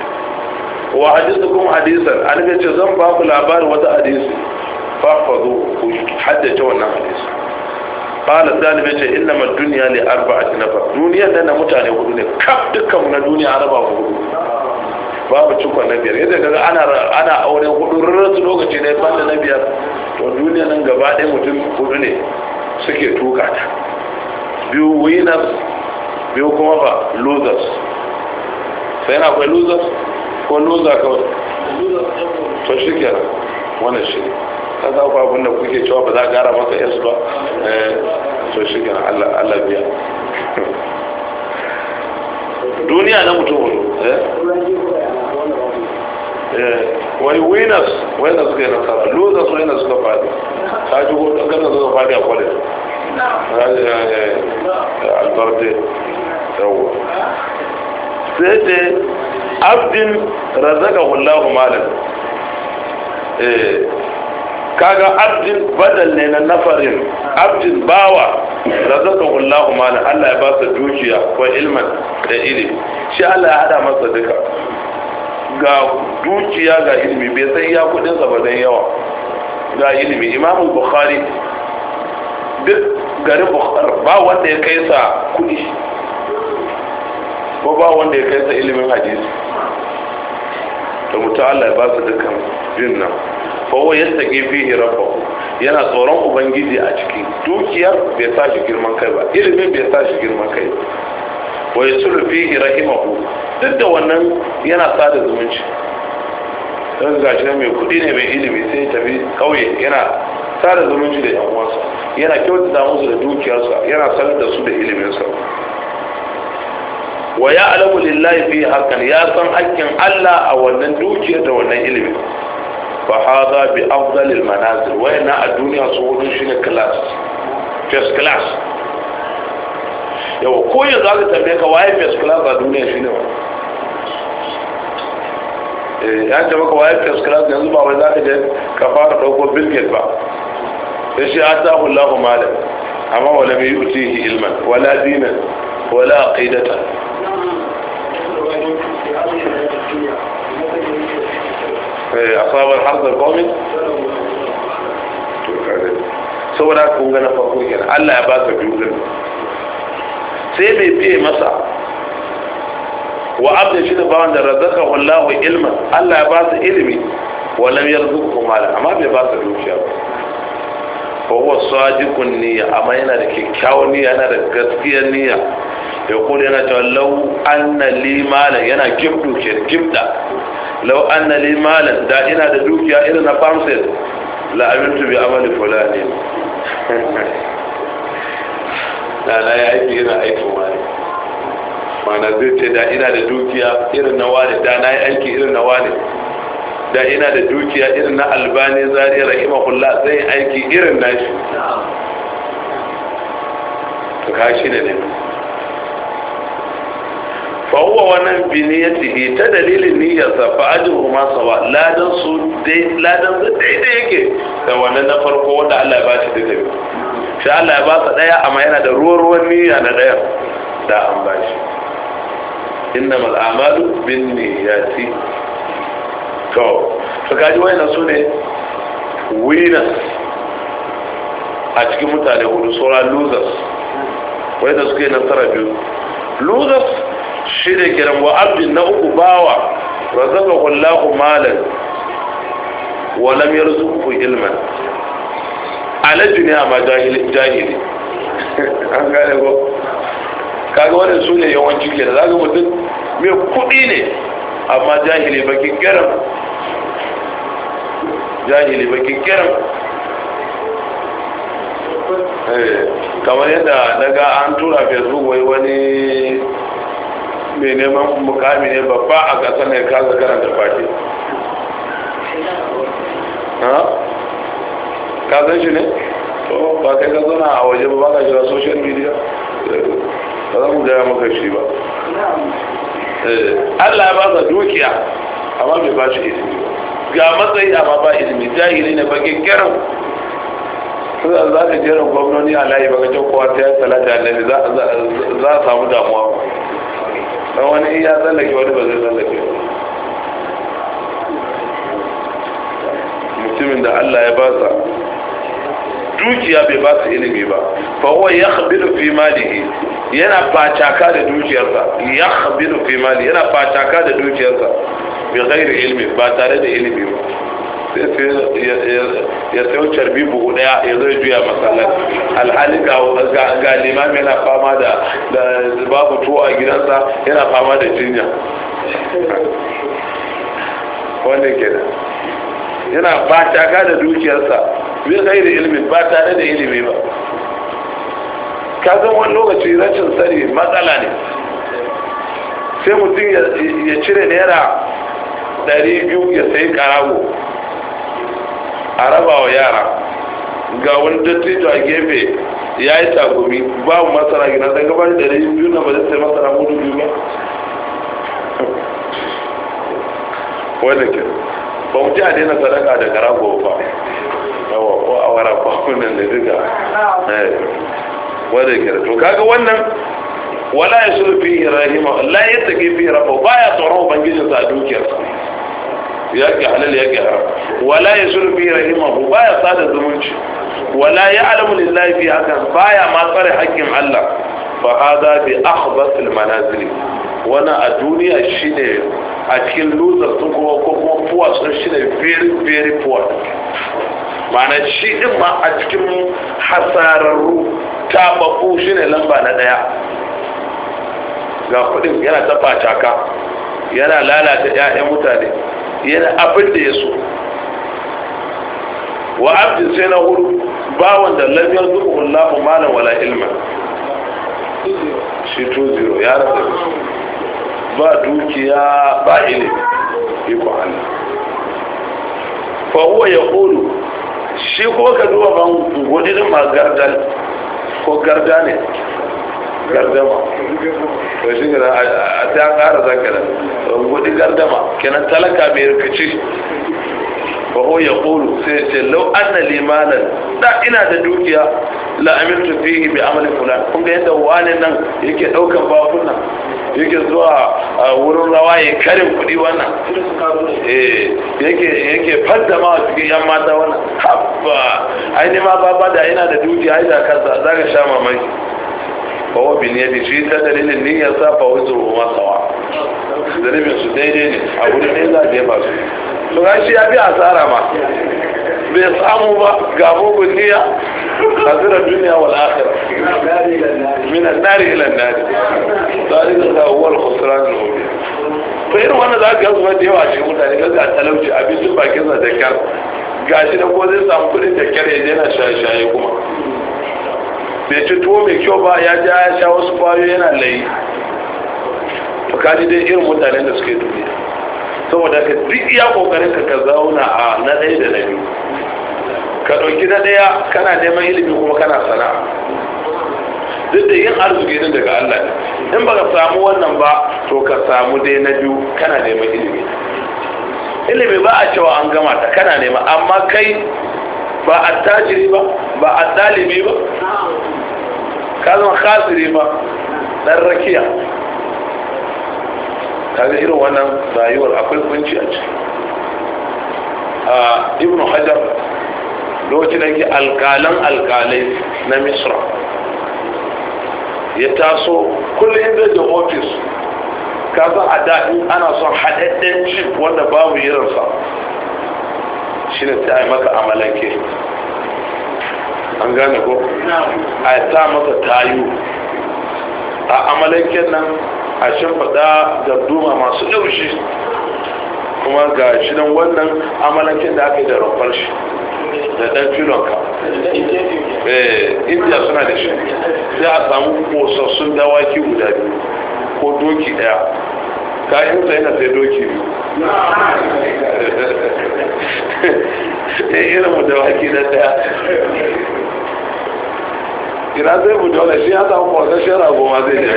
wa hadisu kuma hadisan annabi ce zan ba ku labarin wata hadisi fa ku haddace wannan hadisi qala salim yace inna ma dunya li arba'ati nafar duniya nan na mutane hudu ne kaf dukkan na duniya araba hudu babu cikon na biyar yadda kaga ana ana aure hudu rarrasu lokaci ne banda na biyar to duniyar nan gaba ɗaya mutum hudu ne suke tuka ta biyu winners biyu kuma ba losers sai na akwai losers ko loser kawai to shi kenan wannan shi ne ta za ku abin kuke cewa ba za a gara ba eh, to shi gina allah biya duniya na mutum hudu eh? Eh, winners winners suka yi nasara losers winners fadi ta ji ganin fadi a kwalin albarde yawon sai ce abdin razaka hullahu malam kaga abdin badal ne na nafarin abdin bawa razaka Allah mala Allah ya ba sa dukiya ko ilman da ilimi shi Allah ya hada masa duka ga dukiya ga ilimi bai san ya kudin sa ba dan yawa ga ilimi Imam Bukhari duk garin Bukhari ba wanda ya kai sa kudi ko ba wanda ya kai sa ilimin hadisi to mutum Allah ya ba su dukkan bin nan kowa ya taƙi fihi rabba yana tsoron ubangiji a ciki dukiyar bai sa shi girman kai ba ilimin bai sa shi girman kai ba wa yasulu fihi rahimahu duk da wannan yana sada zumunci don gashi mai kudi ne mai ilimi sai tafi kauye yana sada zumunci da yan uwansa yana kyautata musu da dukiyarsa yana sanar da su da iliminsa wa ya alamu lillahi fi hakan ya san hakkin Allah a wannan dukiyar da wannan ilimin فهذا بأفضل المنازل وإن الدنيا صورين شنو كلاس فيس كلاس يو كوي غالة تبقى واي فيس كلاس الدنيا شين إيه، يعني تبقى واي فيس كلاس ينزل بابا ذاك جد كفار روكو بالكت با إشي آتاه الله ماله أما ولم علما ولا دينا ولا عقيدة نعم. Eh, asabar harzar komin saboda kun gana farko Allah ya baka biyu sai bai biye masa wa abda shi da bawan da razaka wallahu ilma Allah ya ba su ilimi wa lam yarzuqhu mala amma bai ba su dukiya ba fa huwa sadiqun niyya amma yana da kyakkyawan niyya yana da gaskiyar niyya ya kudu yana cewa lau anna li yana gibdu ke gibda lau anna limalan. da ina da dukiya irin na farmset la amintu bi amali fulani da na ya aiki yana aiki wani mana zai ce da ina da dukiya irin na wani da na yi aiki irin na wani da ina da dukiya irin na albani rahima kula zai aiki irin na shi ka shi ne ne fa huwa wannan bi niyyatihi ta dalilin niyyarsa fa ajruhu ma sawa ladan su ladan su daidai yake da wannan na farko wanda Allah ya bashi da biyu shi Allah ya ba sa daya amma yana da ruwan ruwan niyya na daya da an bashi innamal a'malu bin niyyati to to kaji wayannan su ne winners a cikin mutane hudu saura losers wayanda suka yi nasara biyu losers shi ne kiran wa abdin na uku bawa razaka wallahu malan wa lam yarzuqhu ilman alaji ne amma jahili an gane ko kaga wannan sune ne yawanci ke da zaka mutum me kuɗi ne amma jahili bakin kiran jahili bakin kiran eh, kamar yadda na ga an tura facebook wai wani mai neman mukami ne babba a ƙasa ne ka zakaran da ha ka san shi ne to ba kai ka zauna a waje ba ka jira social media ba za mu gaya maka shi ba eh, Allah ba sa dukiya amma bai ba shi izini ga matsayi amma ba izini jahili ne ba kyakkyaran sai za ka jerin gwamnoni a layi ba ka ce kowa ta yi salata annabi za a samu damuwa don wani iya tsallake wani ba zai tsallake mutumin da Allah ya ba sa dukiya bai ba su ilimi ba fa huwa yakhbiru fi malihi yana fataka da dukiyarsa yakhbiru fi mali yana fataka da dukiyarsa bi ghairi ilmi ba tare da ilimi ba ya sayo carbi buhu daya ya zai juya masalar alhali ga limami yana fama da babu tuwo a gidansa yana fama da jinya wannan kenan yana ba ta da dukiyarsa bin da ilimin ba tare da ilimi ba ka zan wani lokaci rancin sani matsala ne sai mutum ya cire naira 200 biyu ya sayi karago a raba wa yara ga wani dattijo a gefe ya yi takumi babu masara gina don gaba da ɗari biyu na ba zai sai masara mudu biyu ba wadda ke ba mu ji a daina sadaka da k'o ba yawa ko a wara ko wannan eh, da duka wadda ke to kaga wannan wala ya sulu fi rahima la ya tsaki fi rafa ya tsoron ubangijinsa a dukiyarsa yaƙi halal yaƙi haram wala ya zuru bi rahimahu baya sada zumunci wala ya alamu lillahi bi hakan baya ma tsare haƙƙin Allah fa hada bi akhbath al manazil wannan a duniya shine a cikin loser sun kuma ko kuma poor sun shine very very poor ma'ana shi din ma a cikin hasararru tabaku shine lamba na daya ga kudin yana ta facaka yana lalata 'ya'yan mutane yana abin da ya so wa abdin sai na hudu bawan da lam yarzuquhu lafi malan wala ilma shi to zero ya rasa ba dukiya ba ilimi iko hannu. fahuwa ya yaqulu shi ko ka duba ban ma magardal ko gardane gardama to shi ne a ta ƙara zakara gudi gardama kenan talaka mai rikici fa ho ya qulu sai ce law anna limanan da ina da dukiya la amiltu fihi bi amali fulan kun ga yadda wani nan yake daukan bakun nan yake zuwa a wurin rawa ya karin kuɗi wannan eh, yake yake fadda ma cikin yan mata wannan Haba, ai ne ma baba da ina da dukiya ai da kaza zaka sha mamaki فهو بنيادي جيه تدرين النية صافة وزره وما صواع ذلك من سديني أقول لي لا دي بازو فغاشي أبي أسارة ما بيصعموا بقابوه النية خزر الدنيا والآخرة من النار إلى النار ذلك هذا هو الخسران المبين فإنه أنا ذات قصوة ديوة عشيقون تاني قصوة تلوشي أبي سبا كذا ذكر قاشي نقول إذا أمكولي ذكر يدينا شاي شايكم Mai cutuwa mai kyau ba ya ja ya sha wasu kwayoyi yana layi to kaji dai irin mutanen da suke duniya saboda ka duk iya kokarin ka ka zauna a na ɗaya da na biyu ka ɗauki na ɗaya kana neman ilimi kuma kana sana'a duk da yin arziki ne daga Allah in in ka samu wannan ba to ka samu dai na biyu kana neman ilimi ilimi ba a cewa an gama ta kana nema amma kai ba a tajiri ba ba a dalibi ba ka zama khasiri ba dan rakiya ga irin wannan rayuwar akwai kunci a ciki a ibn hajar lokacin da ke alkalan alkalai na misra ya taso kullum zai da ofis kaza a daɗi ana son haɗaɗɗen wanda babu yiransa shi ne sai yi masa amalanke an gane ko a yi sa masa tayu a amalanke nan a da duma masu ɗaushi kuma ga shi nan wannan amalanke da aka yi da rufar shi da ɗan filonka eh, indiya suna da shi sai a samu kosassun dawaki guda biyu ko doki ɗaya kayansa yana sai doki ne eh, irin mu da waki na daya ina zai mu dole shi ya samu kwasasshen shara goma zai ne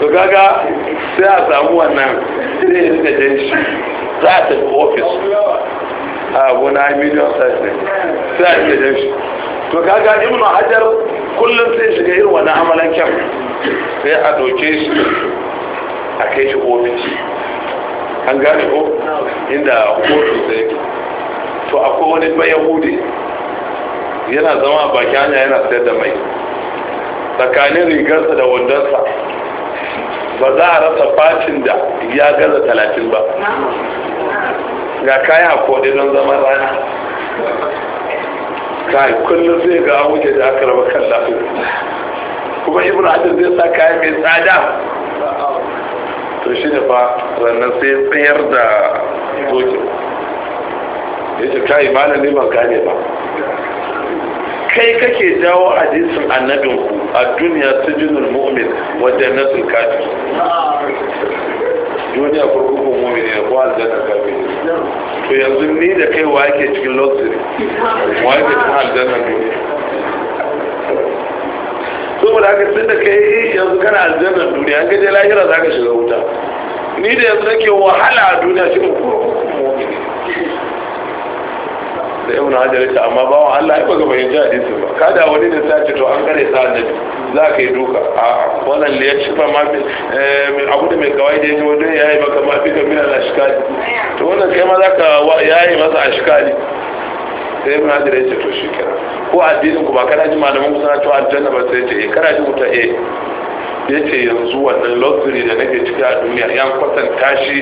su gaga sai a samu wannan sai ya rika jan shi za a tafi ofis a gona miliyan sassan sai a rika jan shi to kaga ibnu hajar kullum sai shiga irin wani amalan kyan sai a ɗauke shi a kai shi ofis an gane ko inda kotu da yake to akwai wani bayahudi yana zama a baki hanya yana sayar da mai tsakanin rigarsa da wandonsa ba za a rasa fatin da ya gaza talatin ba ga kayan a don zama rana kai kullum zai ga wuce da aka raba kan lafi kuma ibn hajar zai sa kayan mai tsada to shi ne fa sannan sai tsayar da doki ya ce kai malam ne ban gane ba kai kake jawo hadisin annabinku a duniya su sujinul mu'min wajen nasul kafir duniya kurkukun mumini ne ko aljanna kafin to yanzu ni da kai wa yake cikin luxury wa yake cikin aljanna duniya saboda haka tun da kai yanzu kana aljanna duniya an gaje lahira za ka shiga wuta ni da yanzu nake wahala a duniya shi ne kurkukun da ibn hajar ta amma bawan Allah ya baka fahimci hadisi ba kada wani da ta ce to an kare sa annabi za ka yi duka a wannan da ya ci fa ma eh, abu da mai kawai da ya ji wajen ya yi maka ma fi kamina na shikali to wannan kai ma za ka yayi masa a shikali sai ibn hajar ya ce to shi kira ko addinin ku ba kana ji malaman kusa to cewa aljanna ba sai ce eh kana ji wuta eh ya ce yanzu wannan luxury da nake ciki a duniya yan kwatanta shi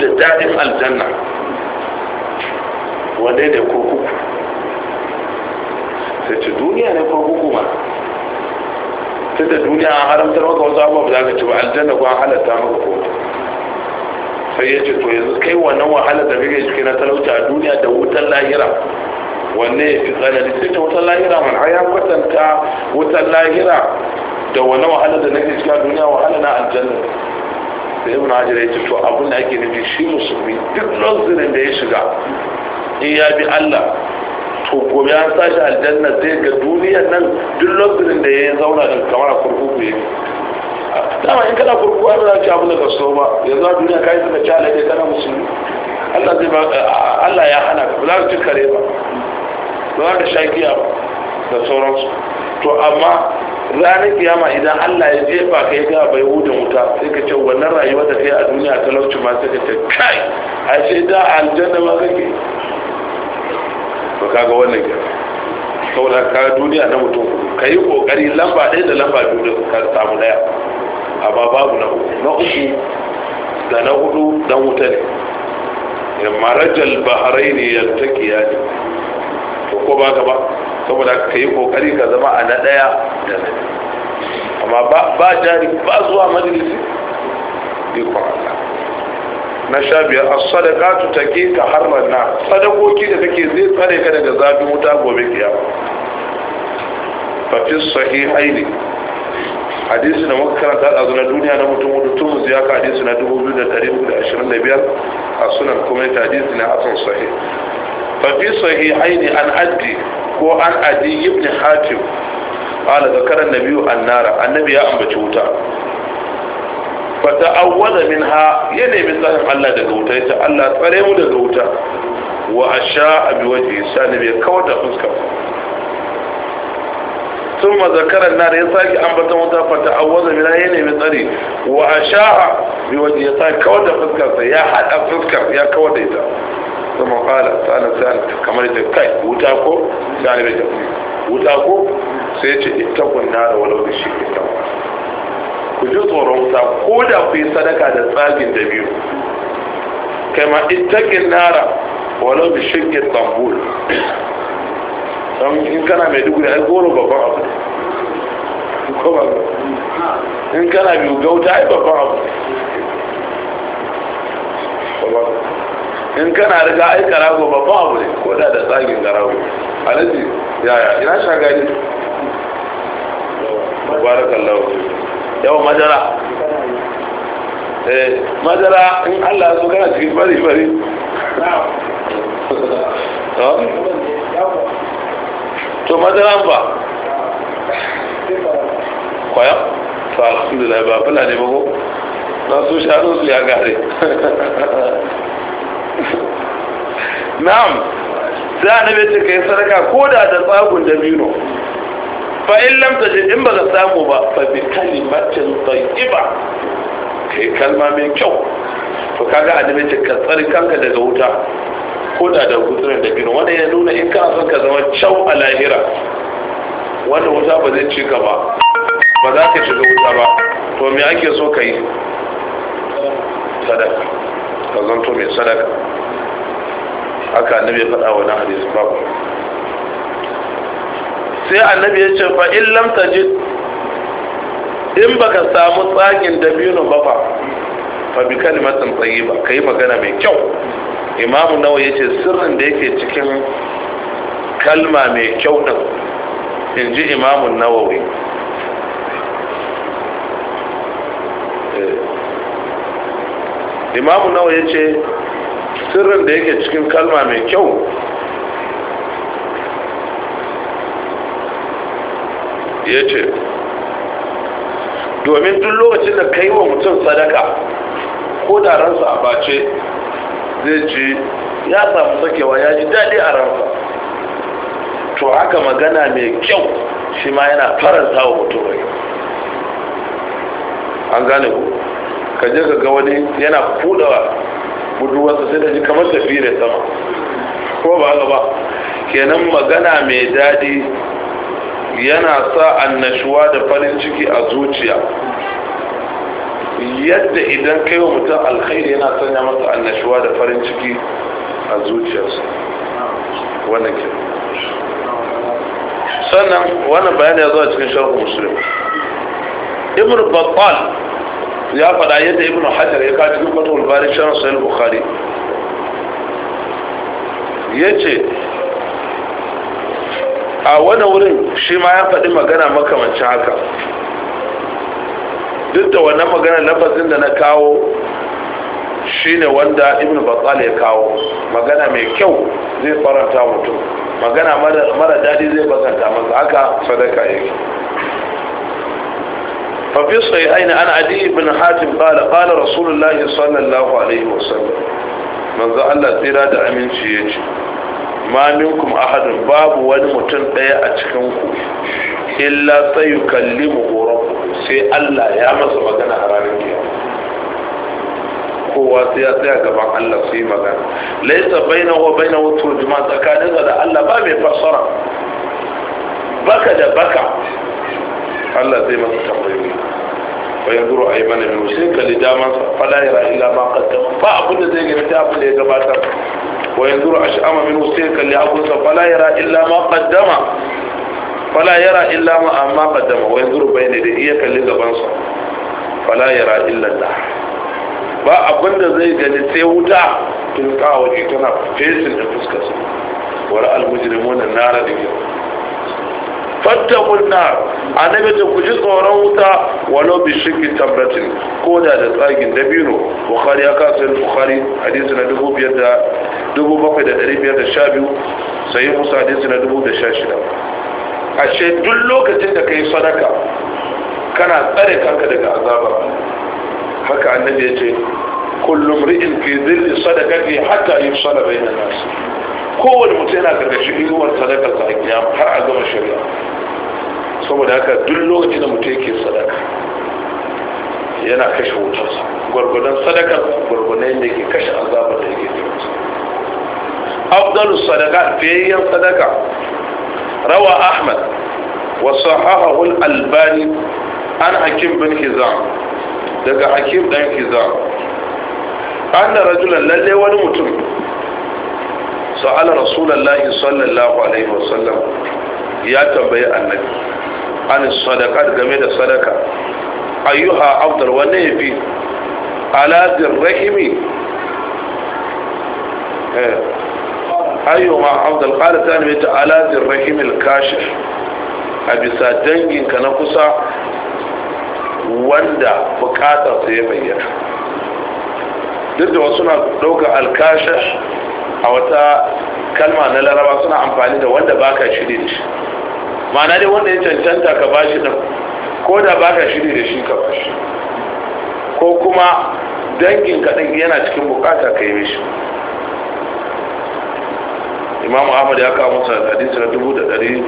da daɗin aljanna wanda da kurkuku sai ce duniya ne kurkuku ma sai da duniya an haramtar maka wasu abubuwa za ka ci ba aljanna ko an halatta maka ko sai ya ce to yanzu kai wannan wahala da kake ciki na talauci a duniya da wutar lahira wanne ya fi tsanani sai ta wutar lahira man a ya kwatanta wutar lahira da wani wahala da nake ciki a duniya wahala na aljanna Sai ibn hajar ya ce to abin da ake nufi shi musulmi duk lonzirin da ya shiga in ya bi Allah to gobe an sashi aljanna zai ga duniyar nan duk lokacin da ya zauna da kamar kurkuku yake dama in kana kurkuku an zaki abin da ka ba yanzu a duniya ka yi suka ci alaƙe kana musulmi Allah zai ba Allah ya hana ka ba za ka ci kare ba ba za ka sha giya ba da sauransu to amma ranar kiyama idan Allah ya jefa kai ga bai hudu wuta sai ka ce wannan rayuwa da kai a duniya talauci ma sai ka ce kai ashe da aljanna ma kake ba kaga wannan ke saboda ka duniya na mutum ka yi kokari lamba ɗaya da lamba biyu da ka samu ɗaya amma babu na uku na uku da na hudu dan wuta ne yamma rajal bahrain ne yantakiya ne ba ko ba ka ba saboda ka yi kokari ka zama a na daya da na amma ba jari ba zuwa majalisi ko Allah na sha biyar a sadaka tu take ka harman na sadakoki da kake zai tsare ka daga zafin wuta gobe kiyama fafis sahihaini hadisi na makaranta a na duniya na mutum wadda tun mu ka hadisi na 2225 a sunan kuma ta hadisi na asan sahih ففي صحيحين عن أدي وعن أدي بن حاتم قال ذكر النبي النار النبي يا أم بتوتا فتأول منها يلي من ذلك الله دقوتا يتألا تريم دقوتا وأشاء بوجه سالم يكوت فسكا ثم ذكر النار يساك أم بتوتا فتأول منها يلي من ذلك وأشاء بوجه سالم كوت فسكا يا حد فسكا يا كوت يتألا sun makala sa'anar sa'an kamar da kai wuta ko sa'an da wuta ko sai ce ita kunna da wani da shi ita ku ji tsoron wuta ko da ku yi sadaka da tsagin da biyu kai ma ittakin nara walau da shi ke tambul don in kana mai duguri ai goro babban abu ne in kana biyu gauta ai babban abu ne in kana riga ai karago babban abu ne ko da da tsagin karago alaji yaya ina sha gani mubarakallahu yawan madara eh madara in Allah so kana cikin bari bari to madara ba kwaya to alhamdulillah ba fulani ba ko na su shanu su ya gare na'am sai annabi ce kai sadaka ko da da tsagun dabino fa in lam tajid in baka samu ba fa bi kalimatin tayyiba kai kalma mai kyau to kaga annabi ce ka tsari kanka daga wuta ko da da gutsurin dabino wanda ya nuna in ka san ka zama kyau a lahira wanda wuta ba zai ci ka ba ba za ka shiga wuta ba to me ake so ka yi sadaka ka zanto mai sadaka haka annabi ya faɗa wannan hadisi babu sai annabi ya ce fa in lam tajid in baka samu tsagin dabino ba fa fa bi ba tayyiba kai magana mai kyau imamu nawa yace sirrin da yake cikin kalma mai kyau din in ji imamun nawawi eh, imamu nawa ya ce sirrin da yake cikin kalma mai kyau ya ce domin duk lokacin da ka yi wa mutum sadaka ko da ransa a bace zai ce ya samu sakewa ya ji daɗi a ransa to haka magana mai kyau shi ma yana faranta wa mutum rai an gane ku ka je ka ga wani yana fudawa budurwarsa sai da ji kamar tafi da sama ko ba haka ba kenan magana mai daɗi yana sa annashuwa da farin ciki a zuciya yadda idan kai wa mutum alkhairi yana sanya masa annashuwa da farin ciki a zuciyarsa wannan ke sannan wannan bayani ya zo a cikin sharhu muslim ibn battal ya faɗa yadda ibn hajar ya kaji cikin fatul bari shan sahih bukhari yace a wannan wurin shi ma ya faɗi magana makamancin haka duk da wannan magana lafazin da na kawo shine wanda ibn batsal ya kawo magana mai kyau zai faranta mutum magana mara daɗi zai bazanta masa haka sadaka yake ففي الصحيحين عن ana بن حاتم قال قال رسول الله صلى الله عليه وسلم من ذا الله تيرا دا امين شيء ما منكم احد باب وان متن a cikin ku illa sai yukallimu rabbuhu sai Allah ya masa magana a ranar kiyama kowa sai ya tsaya gaban Allah sai magana laisa bainahu wa bainahu turjuman tsakanin da Allah ba mai fassara baka da baka Allah zai masa tambayoyi fa yanzuru aymana minhu sai kalli daman sa fala yara illa ma qaddama ba abin da zai gani ta abin da ya gabatar wa yanzuru ash'ama minhu sai kalli abun sa fala yara illa ma qaddama fala yara illa ma amma qaddama wa bai ne da iya kalli gaban sa fala yara illa da ba abin da zai gani sai wuta tun kawo tana fesin da fuskar sa wara al-mujrimuna nara da gina fattakun na annabi ta ku ji tsoron wuta walau bi shirki tabbatin ko da da tsagin dabino bukhari ya kasa yin bukhari hadisi na 7512 sai musa hadisi na 2016 ashe duk lokacin da ka yi sadaka kana tsare kanka daga azaba haka annabi ya ce kullum ri'in fi zilli sadaqati hatta yusala bainan nas kowane mutum yana karkashin inuwar sadakar sa a kiyama har a gama shari'a saboda haka duk lokacin da mutum yake sadaka yana kashe wutarsa gwargwadon sadakar gwargwadon yadda yake kashe azabar da yake jiransa afdalu sadaka fiyayyen sadaka rawa روى أحمد وصححه albani an حكيم bin حزام daga حكيم dan حزام anna rajulan lalle wani mutum sa'ala rasulullahi sallallahu alaihi wasallam ya tambayi annabi an sadaka game da sadaka ayyuha afdal wanne yafi ala dirrahimi eh, ayyuha afdal qala ta ne ta ala dirrahimi al-kashif a bisa danginka na kusa wanda bukatarsa ya bayyana duk da wasu na ɗaukar alkashash a wata kalma na laraba suna amfani da wanda baka shiri da shi ma'ana dai wanda ya cancanta ka ba shi ko da baka shiri da shi ka ba shi ko kuma dangin kaɗan yana cikin bukata ka yi mishi imamu ahmad ya kawo musa hadisi na dubu da dari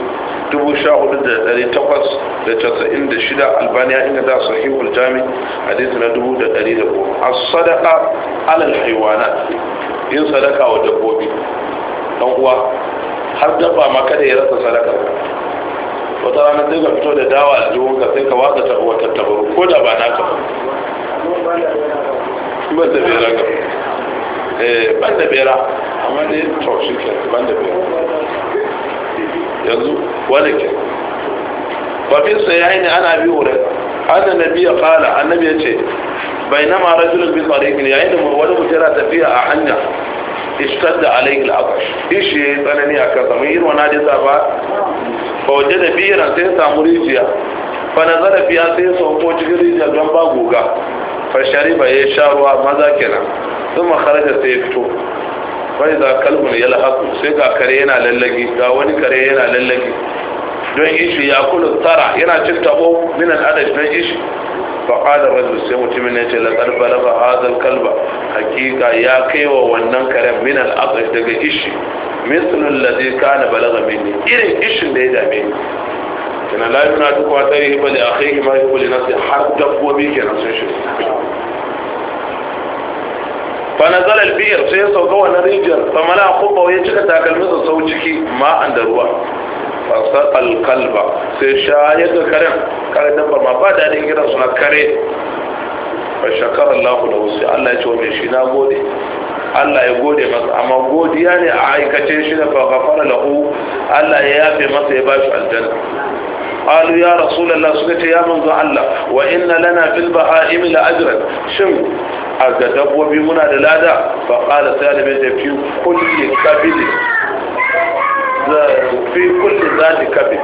dubu sha hudu da dari takwas da casa'in da shida albani ya inganta sahihul jami hadisi na dubu da dari da goma a sadaka alal haiwana yin sadaka wa dabbobi dan uwa har dabba ma kada ya rasa sadaka wata rana sai ka fito da dawa a jihunka sai ka watsa ta wata tabaru ko da ba naka ba ba ta bai raka Eh, Banda bera amma ne to ke bera yanzu wani ke babin sa yayi ne ana bi wurin anna nabiya qala annabi yace bainama rajulun bi tariqin yayin da wani mutera tafiya a hanya اشتد عليه العطش ايش samu اكثمير ونادي سابا فوجد بيرا سيسا cikin فنظر don ba وفوج ريجيا جنبا غوغا فشرب يشاروا maza kenan. sun makaraja sai ya fito bai za kalbun ya lahaku sai ga kare yana lallage ga wani kare yana lallage don ishi ya kula tara yana cin tabo minan adad don ishi فقال الرجل sai mutumin ya ce laqad balagha hadha al-kalba hakika ya kaiwa wannan karen min al-aqsh daga ishi mithlu alladhi kana balagha minni irin ishin da ya dame ni kana la yuna duk wa tarihi bali akhihi ma yaqulu nasi har dabbobi kenan sun shi fa nazala albir sai ya sauka wannan rijiyar fa mala khubba ya cika takalminsa sau ciki ma'an da ruwa fasar alkalba sai shayar da karen kare dabbar ma ba daɗin gidan suna kare ba shakar Allah da wasu Allah ya ce wani shi na gode Allah ya gode masa amma godiya ne a aikace shi da fafafara lahu Allah ya yafe masa ya ba aljanna Alu ya rasulullah suka ce ya manzo Allah wa inna lana fil bahaim la ajran shin a ga dabbobi muna da lada fa da fi fi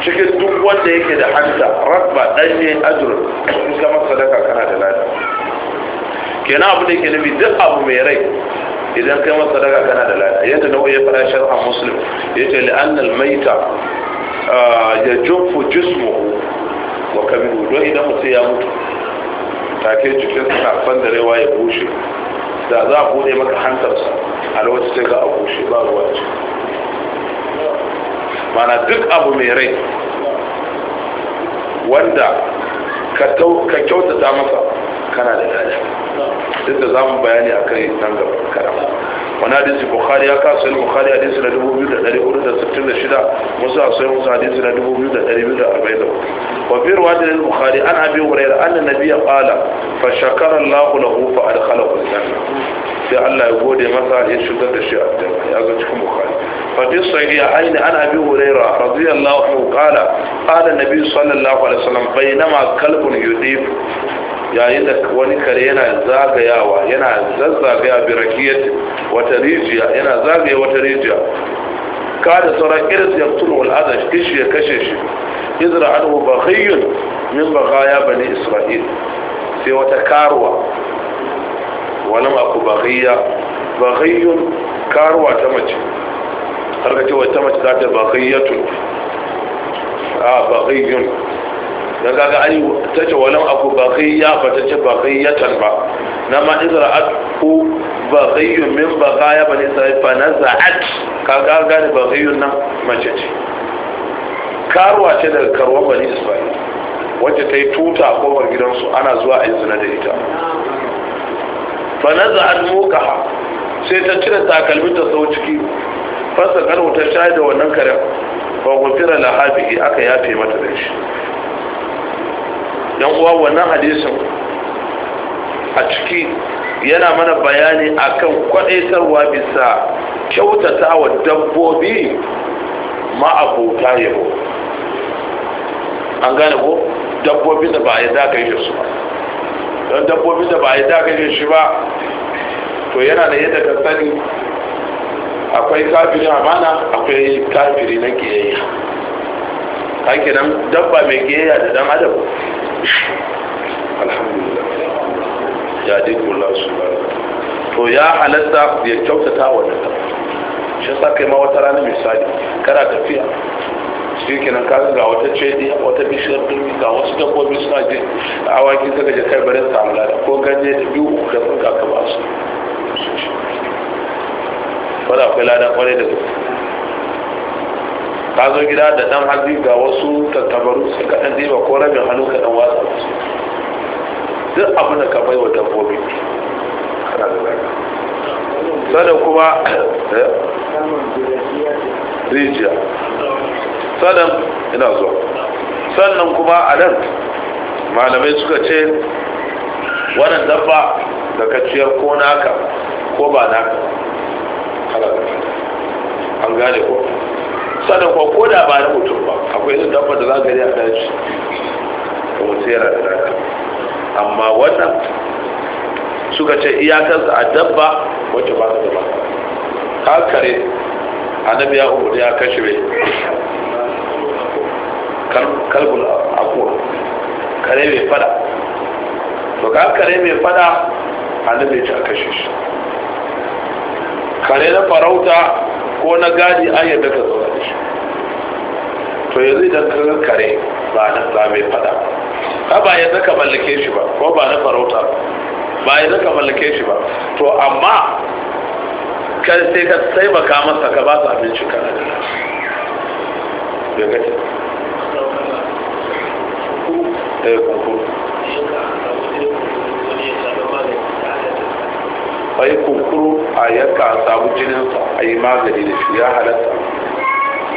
cikin duk wanda yake da hanta rabba danye ajrun in ka sadaka kana da lada kenan abu da ke nufi duk abu mai rai idan kai masa sadaka kana da lada yadda nau'i ya fara shar'a muslim yace li'anna al-maita ya jumfu jismu wa kabiru don idan sai ya mutu take jikin suna rewa ya bushe da za a bude maka hantarsa a lokacin sai ga a bushe ba ruwa ce mana duk abu mai rai wanda ka kyautata masa kana da dada duk da zamu bayani a kai nan gaba karama wani hadisi bukhari ya kasu yin bukhari hadisi na 2466 musu a sai musu hadisi na 2244 wa fi ruwa da bukhari an abi hurairah anna nabiyya fa shakara Allahu lahu fa adkhalahu al-janna sai Allah ya gode masa ya shigar da shi a aljanna ya zo cikin bukhari fa fi a aini an abi hurairah radiyallahu anhu qala qala nabi sallallahu alaihi wasallam bainama kalbun yudif yayin da wani kare yana zagayawa yana zazzagaya birakiyar wata rijiya yana zagaya wata rijiya ka da sauran iris ya tun wal'ada kishi ya kashe shi izra an bakhiyun min bagaya bani isra'il sai wata karuwa walam aku bakhiya bakhiyun karuwa ta mace har ka ce wata mace za ta bakhiyatu a ah, bakhiyun da gaga ai ta ce walau abu ba kai ya ba ta ce ba kai ya tarba na ma izra aku ba kai yun min ba kaya ba ne sai fa na za'at ka ga gane ba kai yun nan mace ce karuwa ce daga karuwa bani isra'ila wacce ta yi tuta a kofar gidansu ana zuwa a yi zina da ita fa na za'at ha sai ta cire takalmin ta sau ciki fasa karo ta shayar da wannan karen ba gufira lahabi aka yafe mata da shi yan uwa wannan hadisin a ciki yana mana bayani akan kwadaitarwa bisa kyautata wa dabbobi ma'abota yabo an gane ko dabbobi da ba a yi dagaye su ba don dabbobi da ba a yi dagaye shi ba to yana da yadda ka sani akwai kafirin amana akwai kafiri na kiyayya haka nan dabba mai geya da dan adam alhamdulillah ya dai kula su ba to ya halatta ya kyautata wa da shi sa kai ma wata rana misali kana tafiya shi nan ka ga wata cedi wata bishiyar birni ga wasu dabbobi suna je awaki suka je kai barin samu da, ko ganye da biyu ko sun ka ba su fada akwai lada kwarai da gaske ka zo gida da dan hazi ga wasu tattabaru su ka dan diba ko rabin hannu ka dan watsa su duk abu da ka bai wa dabbobi da zaka sannan kuma eh, rijiya sannan ina zuwa sannan kuma a nan malamai suka ce wannan dabba da ka ciyar ko naka ko ba naka an gane ko sannan ko ko da ba na mutum ba akwai yin dabba da za ka gani a daji da mutum yana da daga amma wannan suka ce iyakarsa a dabba wacce ba su da ba kare annabi ya umarni ya kashe mai kalbun akuwa kare mai fada to kakare mai fada annabi ya ci a kashe shi kare na farauta ko na gadi an yadda ka zaune da shi to yanzu idan ka kare ba na ba mai fada ka ba yadda ka mallake shi ba ko ba na farauta ba yadda ka mallake shi ba to amma ka sai ka taimaka masa ka ba sa abinci kana da shi ya gaji a yi kunkuru a yanka a samu jininsa a yi magani da shi ya halatta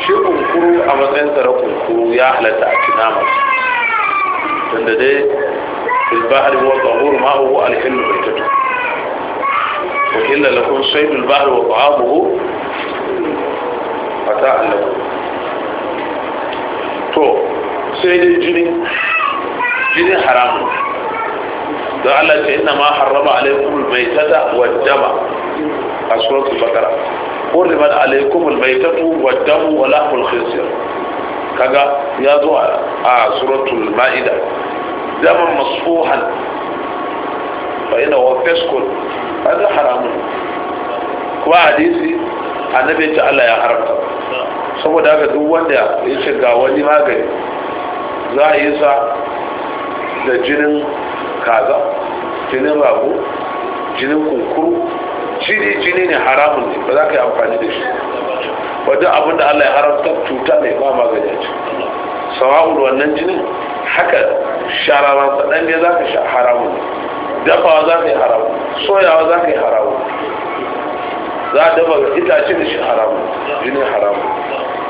shi kunkuru a matsayin tsara kunkuru ya halatta a cinama tunda dai bilbahar wa tsahuru ma'uhu alhillu bai tattu wa illa lakun sai bilbahar wa tsahabuhu fata allaku to sai dai jini jini haramun don Allah ce ina ma harrama alaikum maitata wa dama a suratul baqara hurrimat alaikum maitatu wa damu wa lahmul khinsir kaga ya zo a suratul ma'ida daman masfuhan fa ina wa fiskul hada haramun kuma hadisi annabi ta Allah ya haramta saboda haka duk wanda ya shiga wani magani za a yi sa da jinin kaza jinin rago jinin kunkuru jini jini ne haramun ne ba za ka yi amfani da shi wajen abin da allah ya haramta cuta ne ba magani a ciki sawa'ul wannan jinin haka shararan sa dan ne za ka sha haramun ne dafawa za ka yi haramun soyawa za ka yi haramun za a dafa itace da shi haramun jinin haramun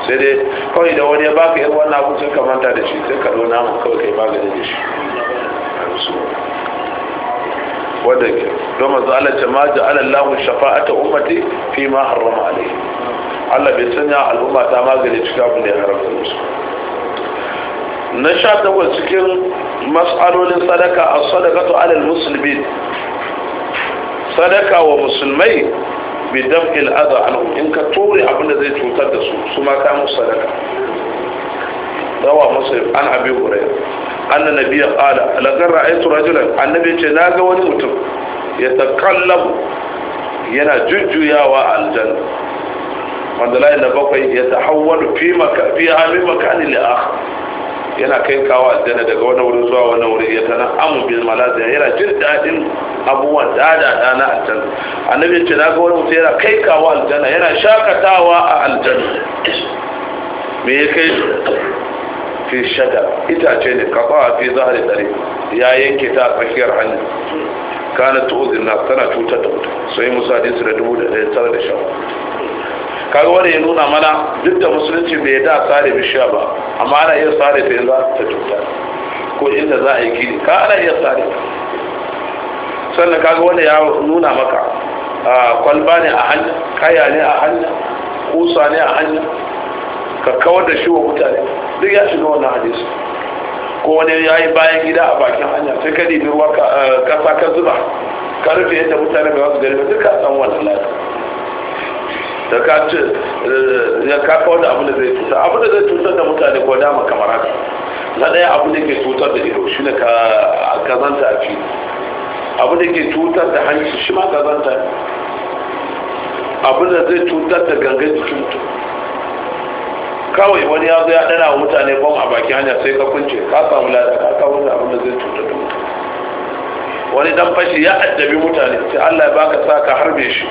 sai dai kawai da wani ya baka yin wannan abu sai ka da shi sai ka dona mu kawai kai magani da shi wadda ke don masu ala jama'a ja'ala lahu shafa'ata ummati fi ma harrama alaihi Allah bai sanya al'umma ta magani cikin abin da ya haramta musu na sha takwas cikin mas'alolin sadaka a ta alal musulmi, sadaka wa musulmai bi daf'il aza anhum in ka ture abin da zai cutar da su su ma ka musu sadaka روى مسلم عن أبي هريرة أن النبي قال لقد رأيت رجلا النبي ce na ga wani mutum ya takallabu yana jujjuyawa aljanna wanda layin da bakwai ya tahawwalu fi fi amin makani li akh yana kai kawo aljanna daga wani wuri zuwa wani wuri ya tana amu bil malaziya yana jin dadin abubuwan dada da na aljanna annabi ce na ga wani mutum yana kai kawo aljanna yana shakatawa a aljanna me ya kai fi shada itace ne kafa fi zahari dare ya yanke ta a tsakiyar hannu kana tozin na tana cutar da mutum sai musa hadisi da dubu da ɗaya tara da sha kaga wani ya nuna mana duk da musulunci bai da sare bishiya ba amma ana iya sare ta yanzu ta cuta ko inda za a yi gini ka ana iya sare ta sannan kaga wani ya nuna maka kwalba ne a hannu kaya ne a hannu kusa ne a hannu ka kawar da shi wa mutane duk ya shiga wannan hadisi ko wani ya yi bayan gida a bakin hanya sai ka nemi kasa eh, ka zuba ka rufe yadda mutane ba su gari ba duk ka samu wannan lafi da ka ce eh, ya kafa wani da da zai cutar abu da zai cutar da mutane ko dama kamar haka na ɗaya abu da ke cutar da ido shi ne ka zanta a fili abu da ke cutar da hanci shi ma zanta abu da zai cutar da gangan jikin mutum kawai wani ya zo ya dana wa mutane bom a baki hanya sai ka kunce ka samu lada ka kawo da abin da zai cuta da mutane wani dan fashi ya addabi mutane sai Allah ya baka sa ka harbe shi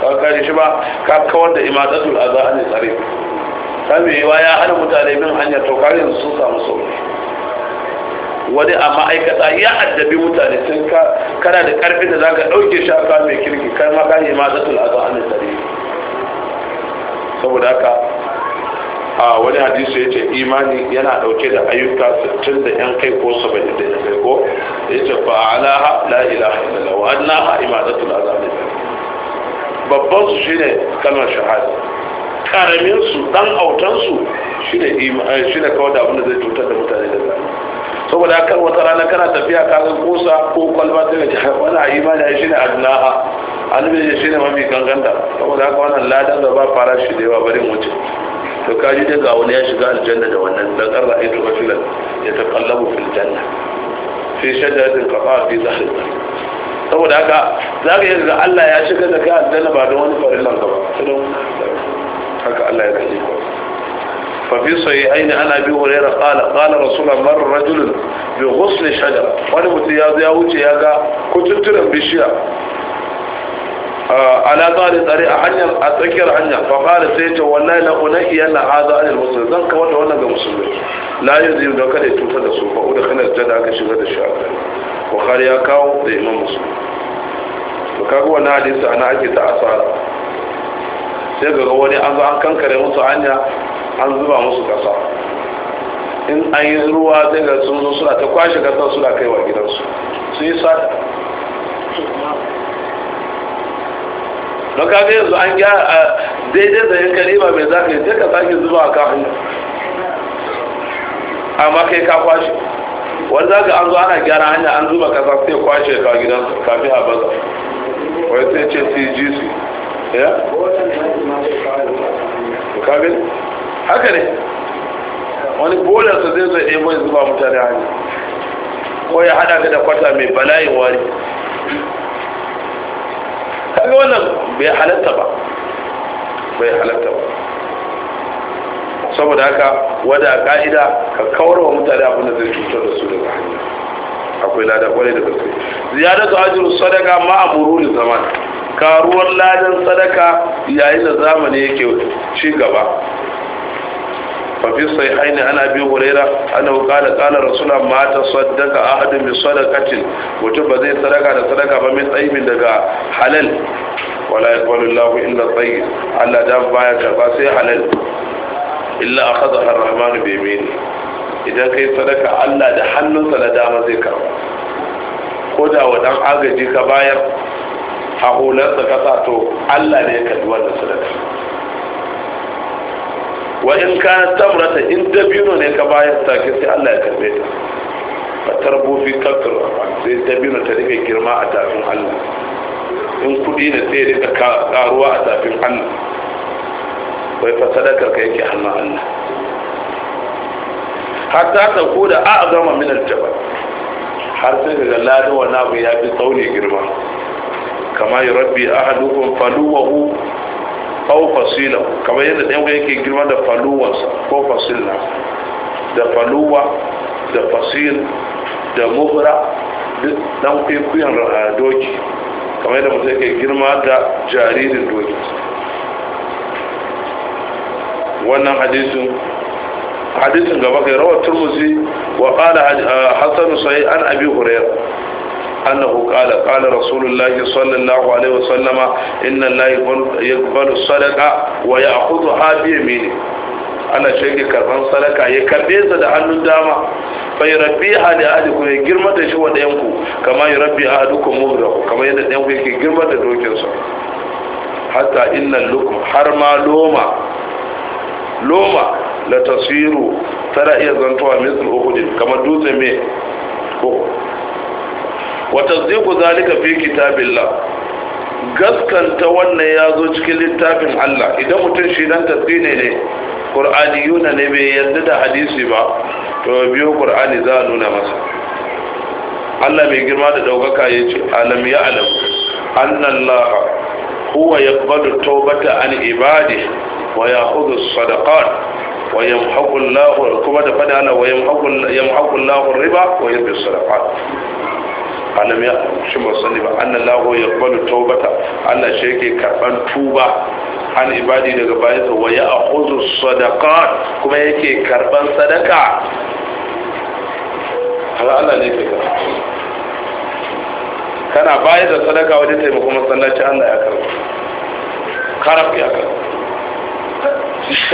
ka kare shi ba ka kawar da imadatul azza an tsare ka me yawa ya hana mutane bin hanya to kare su sun samu sauki wani a ma'aikata ya addabi mutane sun ka kana da karfi da zaka dauke shi a kan mai kirki kai ma ka imadatul azza an tsare saboda haka a wani hadisi ya ce imani yana dauke da ayyuka 60 da yan kai ko 70 da yan kai ko ya ce fa alaha la ilaha illallah wa annaha imadatul azali babban su shine kalmar shahada karamin su dan autan su shine eh, shine kawai da abin da zai cutar da mutane da zai saboda haka wata rana kana tafiya ka ga kosa ko kwalba ta gaji wani imani ya shine adnaha annabi ya shine mafi ganganda saboda haka wannan ladan da ba fara shi da yawa barin wuce to kaji dai ga wani ya shiga aljanna da wannan dan karra aitu rajulan ya taqallabu fil janna fi shajaratin qafa fi zahrin saboda haka zaka yi ga Allah ya shiga da kai aljanna ba da wani farillan ka ba haka Allah ya kaji ko ففي صحيحين عن ابي هريره قال قال رسول الله مر رجل بغصن شجره wani mutum ya wuce ya ga kututturen bishiya ala tsari tsari a hanyar a tsakiyar hanya fa fara sai ta wallahi la unaki yalla hada al muslim zan kawar da wannan ga musulmi la yuzi da kada tuta da su fa uda kana da aka shiga da shi aka bukhari ya kawo da imam muslim to kaga wannan hadisi ana ake ta asara sai ga wani an zo an kankare musu hanya an zuba musu kasa in an yi ruwa sai ga sun zo suna ta kwashe kasa suna kaiwa gidansu sun yi sata don kaga yanzu an gyara a daidai da yin kalima mai zafi sai ka sake zuba a kafin amma kai ka kwashe wani zaka an zo ana gyara hanya an zuba kasa sai kwashe ka gidan kafin a baza wai sai ce cgc ya? kafin haka ne wani bolarsa zai zai ɗaya mai zuba mutane hanya ko ya haɗa ka da kwata mai bala'in wari kaga wannan bai halatta ba bai halatta ba saboda haka wada ka'ida ka kawar wa mutane abin da zai cutar da su daga hanya akwai lada kwarai da gaske ziyaratu ajru sadaka ma a li zaman karuwar ladan sadaka yayin da zamani yake ci gaba ففي الصحيحين عن ابي هريره انه قال قال رسول الله ما تصدق mutum بصدقه وتب زي صدقه da sadaka ba min tsayibin daga halal wala yaqbalu Allah illa tayyib Allah da baya karba sai halal illa akhadha ar-rahman bi yamini idan kai sadaka Allah da hannunsa na dama zai karba ko da wa dan agaji ka bayar a hularsa ka to Allah ne ya kalli wannan sadaka wa in kana tamrata in dabino ne ka bayar ta ke sai Allah ya karbe ta fa tarbu fi kasr sai dabino ta rike girma a tafin Allah in kudi ne sai rika karuwa a tafin Allah wai fa sadakar ka yake hannun Allah hatta ta ko da a gama min aljabal har sai daga ladan wani abu ya fi tsauni girma kama yi rabbi ahadukum faluwahu au fasila kamar yadda ɗan yake girma da faluwarsa ko fasila da faluwa da fasil da mubra duk ɗan kwaikwayon doki kama yadda mutum yake girma da jaririn doki wannan hadisin hadisin gaba kai rawar turmusi wa ƙala hasanu sai an abi hurairu أنه قال قال رسول الله صلى الله عليه وسلم إن الله يقبل الصدقة ويأخذها بيمينه ana shege karban sadaka ya karbe da hannun dama bai rabbi hali ahadikum ya girma shi wa ɗayan ku kama ya rabbi ahadukum mubra kama yadda ɗayan ku yake girma da dokin sa hatta innal lukum har ma loma loma la tasiru tana iya me ko wa tasdiqu zalika fi Gaskan ta wannan ya zo cikin littafin Allah idan mutum shi dan tasdine ne qur'aniyuna ne bai yarda da hadisi ba to biyo qur'ani za a nuna masa Allah mai girma da daukaka yace alam ya alam annallaha huwa yaqbalu tawbata an ibadihi wa ya'khudhu sadaqat wa yamhaqu Allahu kuma da fada Allah wa yamhaqu yamhaqu Allahu riba wa yurbi sadaqat alam ya shi ba sani ba anna lahu yaqbalu ta'ubata Allah shi yake karban tuba an ibadi daga bayansa wa ya akhuzu sadaqat kuma yake karban sadaka har Allah ne ke kana bayar da sadaka wajen taimakon masallaci Allah ya karɓa karab ya karba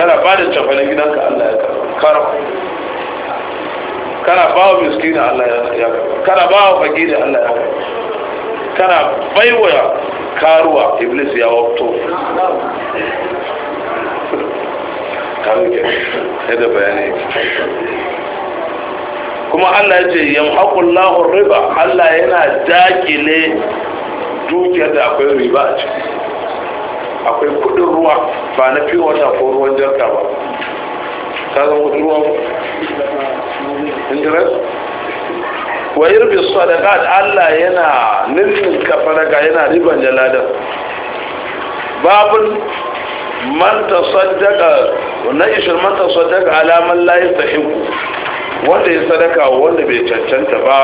kana ba da tafanin gidanka Allah ya karɓa karab kana ba wa miskini Allah ya karba kana ba wa fakiri Allah ya kana baiwa karuwa iblis ya wakto yadda bayani kuma Allah ya ce yamhaqullahu riba Allah yana dakile dukiyar da akwai riba a ciki akwai kudin ruwa ba na fi wata ko ruwan jarka ba kagan wani ruwan indiras wa irbi sadaqat Allah yana nufin kafaraka yana riban jalada babun man tasaddaqa na ishir man tasaddaqa ala wanda ya sadaka wanda bai cancanta ba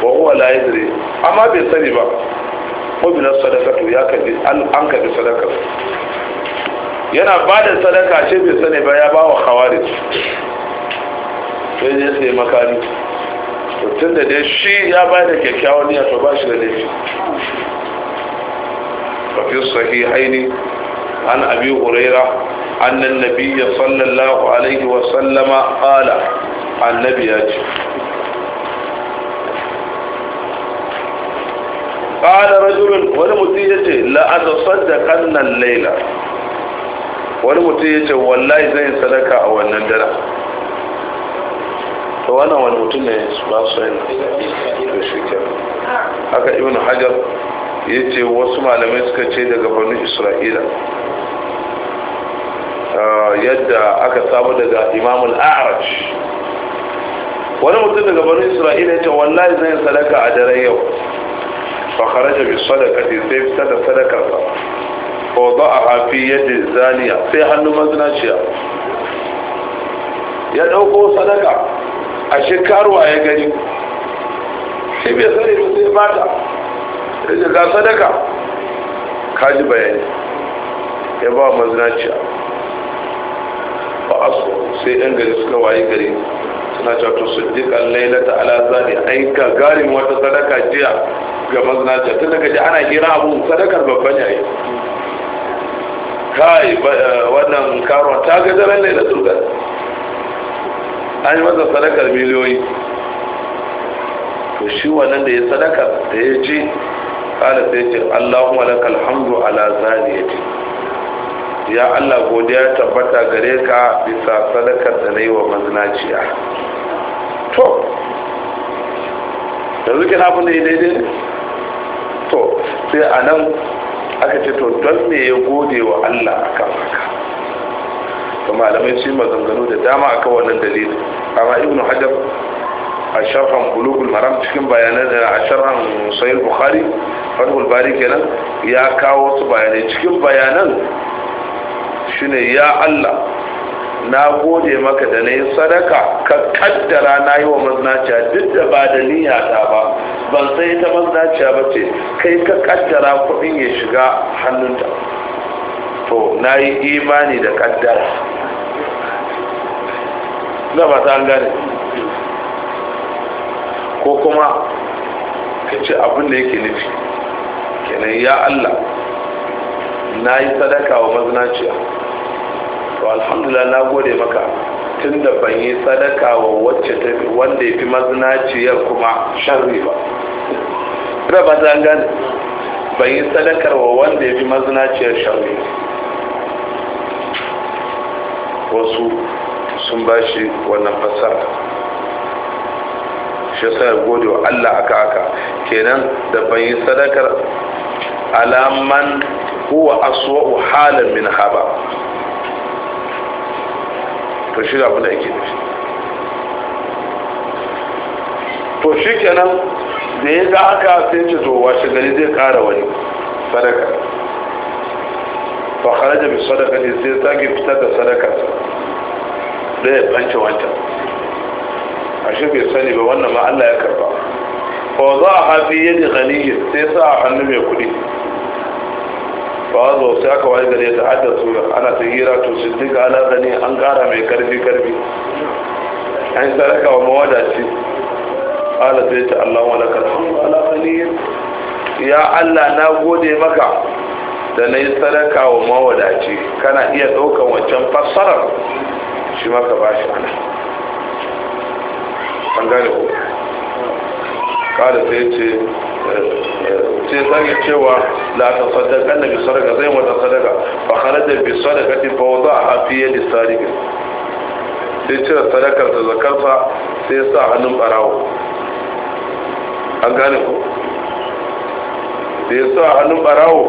wa huwa la yadri amma bai sani ba ko bi to ya kabi an kabi sadaka. yana ba da sadaka ce bai sani ba ya ba wa khawarij sai je sai makami tun da dai shi ya ba da kyakkyawan niyya to ba shi da laifi وفي الصحيحين عن أبي هريرة أن النبي صلى الله عليه وسلم قال النبي أجل قال رجل ولمتيجة لأتصدقن الليلة wani mutum ya ce wallahi zai sadaka a wannan dara to wannan wani mutum ne ba su yin da shi haka ibn hajar ya ce wasu malamai suka ce daga banu isra'ila ah, yadda aka samu daga imamul a'raj wani mutum daga banu isra'ila ya ce wallahi zai sadaka a daren yau fa kharaja bi sadaqati sai fitar da sadakarsa fauda a hafi yadda zaniya sai hannu mazinaciya ya ɗauko sadaka a shekaruwa ya gani Shi bai sani ba sai mata ya da ga sadaka ka ji bayani ya ba mazinaciya ba a so sai yan gari suka waye gari suna cato su dukkan lailata zani, ai ka garin wata sadaka jiya ga mazinaciya tun daga ji ana kira abu sadakar babban yayi kai eh, wannan karuwa ta ga daren lailatul qadr an yi masa sadakar miliyoyi to shi wannan da ya sadaka da ya ce kala sai ce Allahumma lakal hamdu ala zaniyati ya Allah godiya tabbata gare ka bisa sadakar da nayi wa mazinaciya to da zuke na abin da ya daidai to sai a nan aka ce to don me ya gode wa Allah akan haka to malamai sun maganganu da dama akan wannan dalilin amma ibnu hajar a sharhan bulugul maram cikin bayanan da a sharhan sahih bukhari fathul bari kenan ya kawo wasu bayanai cikin bayanan shine ya Allah na gode maka da na yi sadaka ka kaddara na yi wa mazinaciya duk da ba da niyya ta ba ban sai ta mazinaciya ba ce kai ka kaddara kuɗin ya shiga hannunta to na yi imani da kaddara na ba ta gane ko kuma ka ce abin da yake nufi kenan ya allah na yi sadaka wa mazinaciya to alhamdulillah na gode maka tun da ban yi sadaka wa wacce ta wanda ya fi mazinaciyar kuma sharri ba ina ba ta gane ban yi sadakar wa wanda ya fi mazinaciyar sharri wasu sun ba shi wannan fasara shi sai gode wa allah aka aka kenan da ban yi sadakar alaman huwa aswa halan min haba to shi da abin da yake da shi to shi kenan da ya ga haka sai ce to washe gari zai kara wani sadaka fakara da bi sadaka ne sai sake fitar da sadaka da ya banci wancan a shi bai sani ba wannan ma allah ya karba ko za a hafi yadda ganiyi sai sa a hannu mai kuɗi ba zo sai aka waye gare ta adda sura ana ta hira to siddiq ala zani an kara mai karfi karfi an saraka wa mawadaci ala sai ta Allah wa lakal hamdu ala qalil ya Allah na gode maka da na yi sadaka wa mawadaci kana iya ɗaukan wancan fassarar shi maka ba shi ana an gane ko kada sai ce sai cewa la ta sadaka na bi sadaka zai mata sadaka fa kharaja bi ba fa a ha fiye da sadaka sai cire sadakar da zakarsa sai sa hannun barawo an gane ko sai sa hannun barawo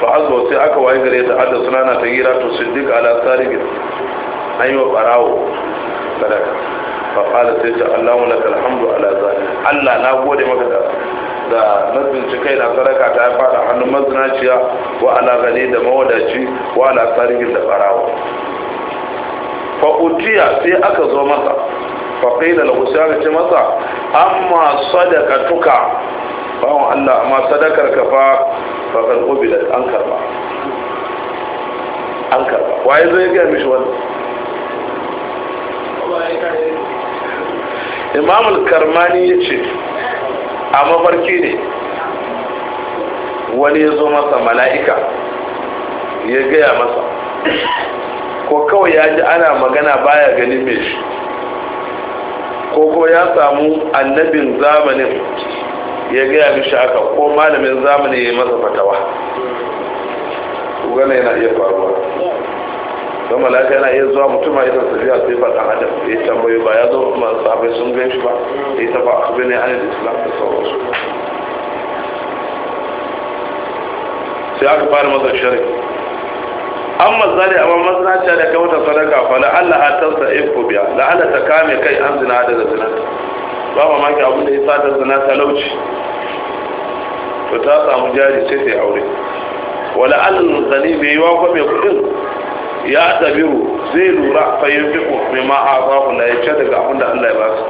fa azwa sai aka waye gare ta adda sunana ta gira to siddiq ala sadaka an yi wa barawo sadaka fa sai ta Allahu lakal hamdu ala zalik Allah na gode maka da da nazin kai na saraka ta ya fada hannun mazinaciya wa ala gani da mawadaci wa ala sarigin da barawa fa utiya sai aka zo masa fa qila lahu sai ce masa amma ba bawon Allah amma sadakar ka fa fa kan ubilat an karba an karba waye zai ga mishi wannan imamul karmani ya ce a mafarki ne wani ya zo masa mala'ika ya gaya masa ko kawai ya ji ana magana baya ganin mai shi ko ko ya samu annabin zamanin ya gaya mishi aka ko malamin zamanin ya yi masa fatawa gane yana iya faruwa don malaka yana iya zuwa mutum a idan tafiya sai ba dan adam ya tambayi ba ya zo kuma sabai sun gan shi ba ya ta ba su bane an islam da sauransu sai aka fara masa shari amma zari amma masnaciya da kai wata sadaka fa la'alla hatarsa ifu biya la'alla ta kame kai an zina daga zinata ba mamaki abin da ya sadar zina talauci to ta samu jari sai ta yi aure wala alal zani bai yi wa mai kudin ya dabiru zai lura fayin fiko mai ma'a ba kula ya ce daga abinda Allah ya ba su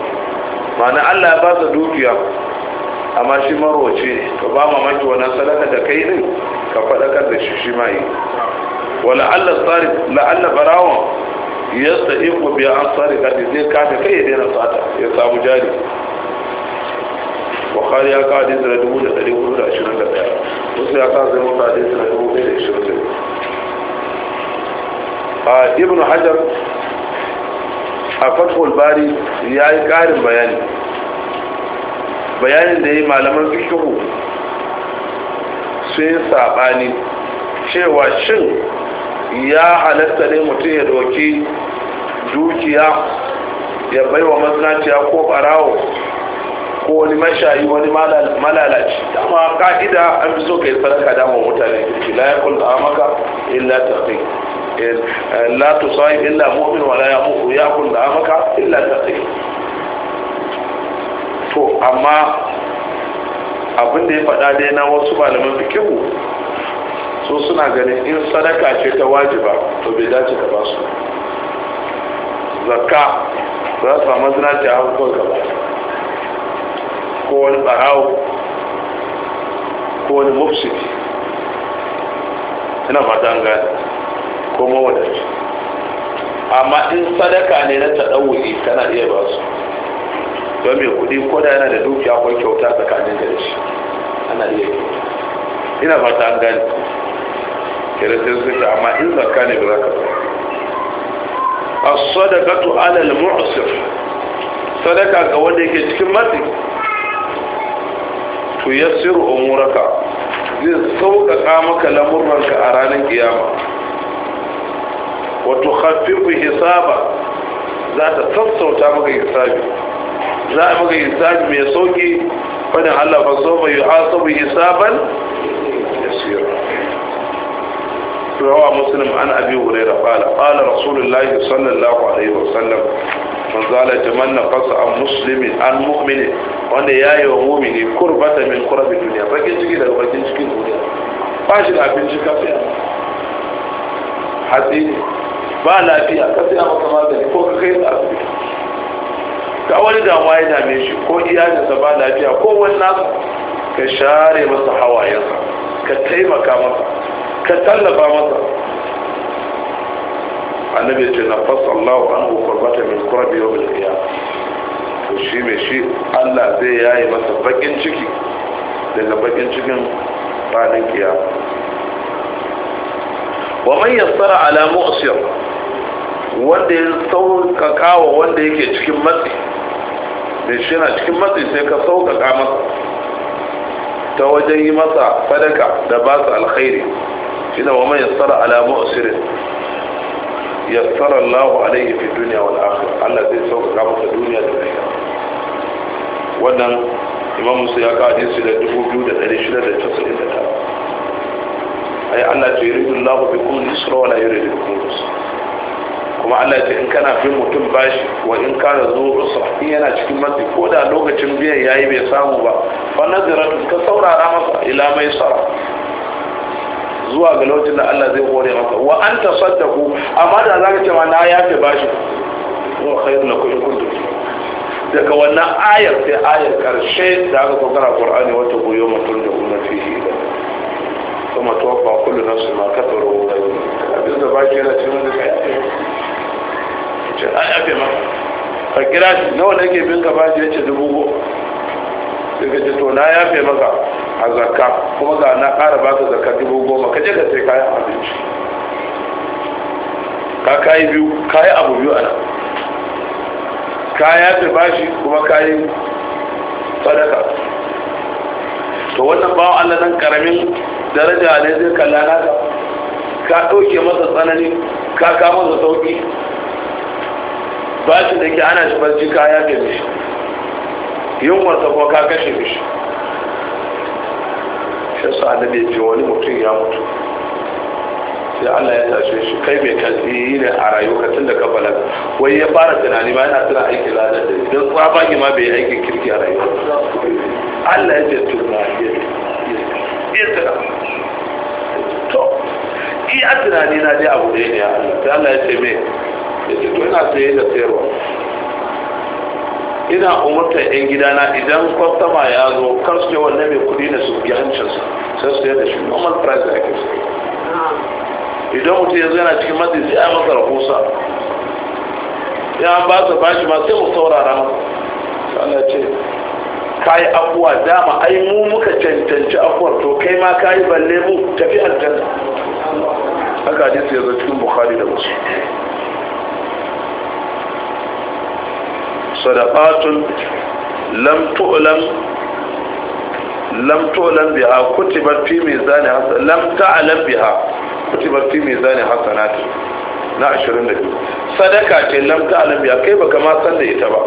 ma'ana Allah ya ba su dukiya amma shi marwace ka ba mamaki wannan sadaka da kai din ka faɗakar da shi shi mai yi wala Allah tsari la'alla barawa ya tsaye ko biya an tsari kadi zai kafe kai ya daina sata ya samu jari bukhari ya kawo hadisi na dubu da ɗari hudu da ashirin da ɗaya wasu ya kawo zai mutu na dubu da ashirin da ibn hajar a fathul bari ya yi ƙarin bayani bayanin da ya yi malaman fikihu sun saɓani cewa shin ya halatta ne mutum ya doki dukiya ya baiwa mazinaciya ko ɓarawo ko wani mashayi wani malalaci dama ka'ida an fi so ka yi sadaka dama mutane kirki la yakul amaka illa taqi eh, eh, la tusai illa mu'min wa la yaqul yakul amaka illa taqi to amma abin da ya faɗa dai na wasu malaman fikihu so suna ganin in sadaka ce ta wajiba to bai dace ka ba su zakka za su samu zinaci a hankali gaba ko wani barawo ko wani mufsidi ina fata an gane ko mawadaci amma in sadaka ne na taɗawuri kana iya ba su don mai kuɗi ko da yana da dukiya ko kyauta tsakanin da shi ana iya kyauta ina fata an gane kira sai suka amma in zakka ne ba ka ba as-sadaqatu 'ala sadaka ga wanda yake cikin matsi to yassiru umuraka zai sauƙaƙa maka lamurranka a ranar kiyama wato hafifu hisaba za ta sassauta maka hisabi za a maka hisabi mai sauƙi fadin allah ba so mai yuhasabu hisaban روى مسلم عن أبي هريرة قال قال رسول الله صلى الله عليه وسلم من زال يتمنى قصة مسلم عن مؤمن wanda ya yi wa mumini kurbata min kurabin duniya bakin ciki daga bakin cikin duniya ba shi da abinci ka siya hatsi ba lafiya ka siya masa magani ko ka kai sa asibiti ka wani damuwa ya dame shi ko iyalinsa ba lafiya ko wani nasa ka share masa hawayensa ka taimaka masa ka tallafa masa annabi ce na fasa Allah an gukurbata min kurabi yau bil qiyamah to shi mai shi allah zai yaye masa bakin ciki daga bakin cikin ranar kiyama wa man yassara ala mu'sir wanda ya sauƙaƙa wa wanda yake cikin matsi mai shi na cikin matsi sai ka sauƙaƙa masa ta wajen yi masa sadaka da ba su alkhairi shine wa man yassara ala mu'sirin yassara Allah alaihi fi duniya wal akhirah Allah zai sauƙaƙa masa duniya da lahira wannan imam musu ya kawo hadisi da 2699 ai Allah ce yuridu Allah bikum al-yusra wa la yuridu bikum al kuma Allah ce in kana bin mutum bashi wa in kana zu usra in yana cikin matsi ko da lokacin biyan yayi bai samu ba fa nazaratun ka saurara masa ila mai sara zuwa ga lokacin da Allah zai hore maka wa an ta tasaddaku amma da ka ce ma na yafe bashi wa khairu lakum in kuntum daga wannan ayar sai ayar karshe da aka kokara Qur'ani wata goyo mutum da kuma fihi da kuma ba kullu nasu ma kafaru abin da baki yana cikin da kai ce ai yafe maka ka kira shi nawa nake bin ka bashi yace dubu goma sai ka ce to na yafe maka a zakka kuma ga na ƙara baka zakka dubu goma ka je ka sai kayan abinci ka kayi biyu kayi abu biyu a nan ka yafe bashi kuma kayi sadaka to wannan bawan Allah nan karamin daraja ne zai kalla naka ka ɗauke masa tsanani ka kama masa sauki bashi da ke ana shi barci ka yafe mishi yunwarsa ko ka kashe mishi shi sa annabi ji wani mutum ya mutu sai Allah ya tashe shi kai mai kalbi ne a rayu tun da ka balaga wai ya fara tunani ma yana tuna aiki ladan da idan baki ma bai yi aikin kirki a rayuwa Allah ya ce tuna ya tuna to iya tunani na ji abu ne ya Allah Allah ya ce mai ya ce to ina sai da sayarwa ina umurta yan gidana idan kwastama ya zo kar su yawan mai kudi da su biya hancinsu sai su da shi normal price da ake sai idan mutum yanzu yana cikin matsi sai a masa rahusa ya ba su bashi ma sai mu saurara masa Allah ce kayi abuwa dama ai mu muka cancanci abuwar to kai ma kayi balle mu tafi aljanna haka hadisi ya cikin bukhari da muslim sadaqatun lam tu'lam lam tu'lam biha kutibat fi mizan hasan lam ta'lam biha kutibat fi mizan hasanat na 22 sadaka ce lam ta'lam biha kai baka ma san da ita ba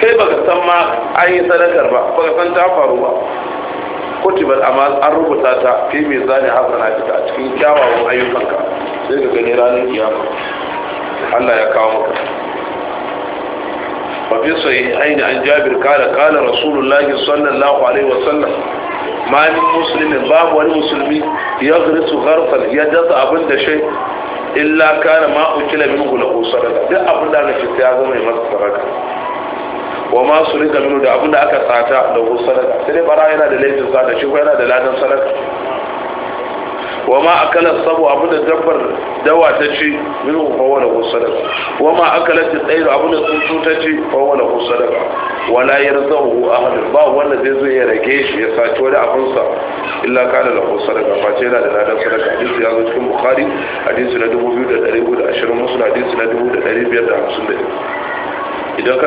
kai baka san ma an yi sadakar ba ba ka san ta faru ba kutubar amma an rubuta ta fi mai zane hasana ta a cikin kyawawan ayyukanka sai ka gani ranar kiyama allah ya kawo maka ففي صحيحين عن جابر قال قال رسول الله صلى الله عليه وسلم ما من مسلم باب والمسلمين يغرس غرفا يجز أبن شيء إلا كان ما أكل منه له صدقة ده أبن ده نشتي هذا ما يمس صدقة وما سرق منه ده أبن ده أكا ساتا له صدقة سيدي برا هنا ده ليس صدقة شوف هنا ده لا صدقة wa ma sabo abu da dabbar dawa ta ce min kowa da kusurar wa ma akalar ta tsaye abu da tsuntsu ta ce kowa da kusurar wala ya rinsa hu ahadu ba wanda zai zo ya rage ya saci wani abinsa illa kana da kusurar ga face yana da ladan sadaka hadisi ya zo cikin bukhari hadisi na dubu biyu da ɗari biyu da ashirin musu hadisi na dubu da da hamsin da idan ka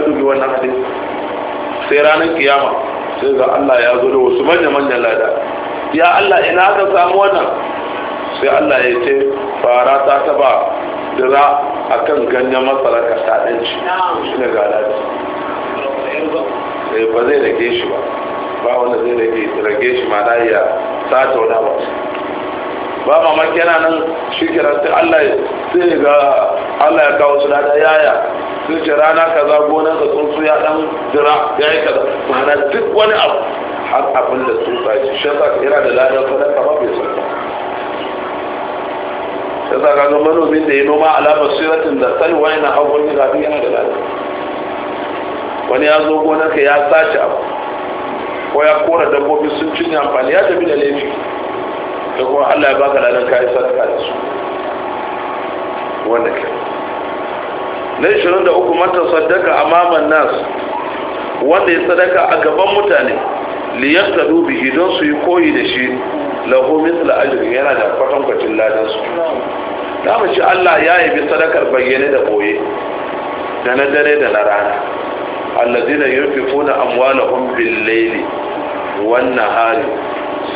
sai ranar kiyama sai Allah ya zo wasu manyan lada Allah ina samu wannan sai allah ya ce fara ta taba dira a kan ganyen masara ka ta shi ne ga alaji eh, ba zai rage shi ba ba wanda zai rage shi ma na iya sata wani abu ba mamaki yana nan shi kira sai allah sai ga allah ya kawo suna da yaya sun ce rana za gonar da sun ya dan jira ya yi kaza ma'ana duk wani abu har abin da tsuntsa shi shi yana da ladar sadaka ba bai sauka ya sa kaga manomin da ya noma alamar siratin da sani wani na hau wani zafi yana da lafiya wani ya zo gonarka ya sace abu ko ya kora dabbobi sun cinye amfani ya tafi da laifi da kuma allah ya baka ladan kayi sadaka da su wanda ke na uku mata sadaka amaman nasu wanda ya sadaka a gaban mutane liyattadu bihi don su yi koyi da shi lahu mithla ajrin yana da kwatankwacin ladan su da mu ci Allah ya bi sadakar bayyane da boye da na dare da na rana allazina yunfiquna amwalahum bil layli wan nahari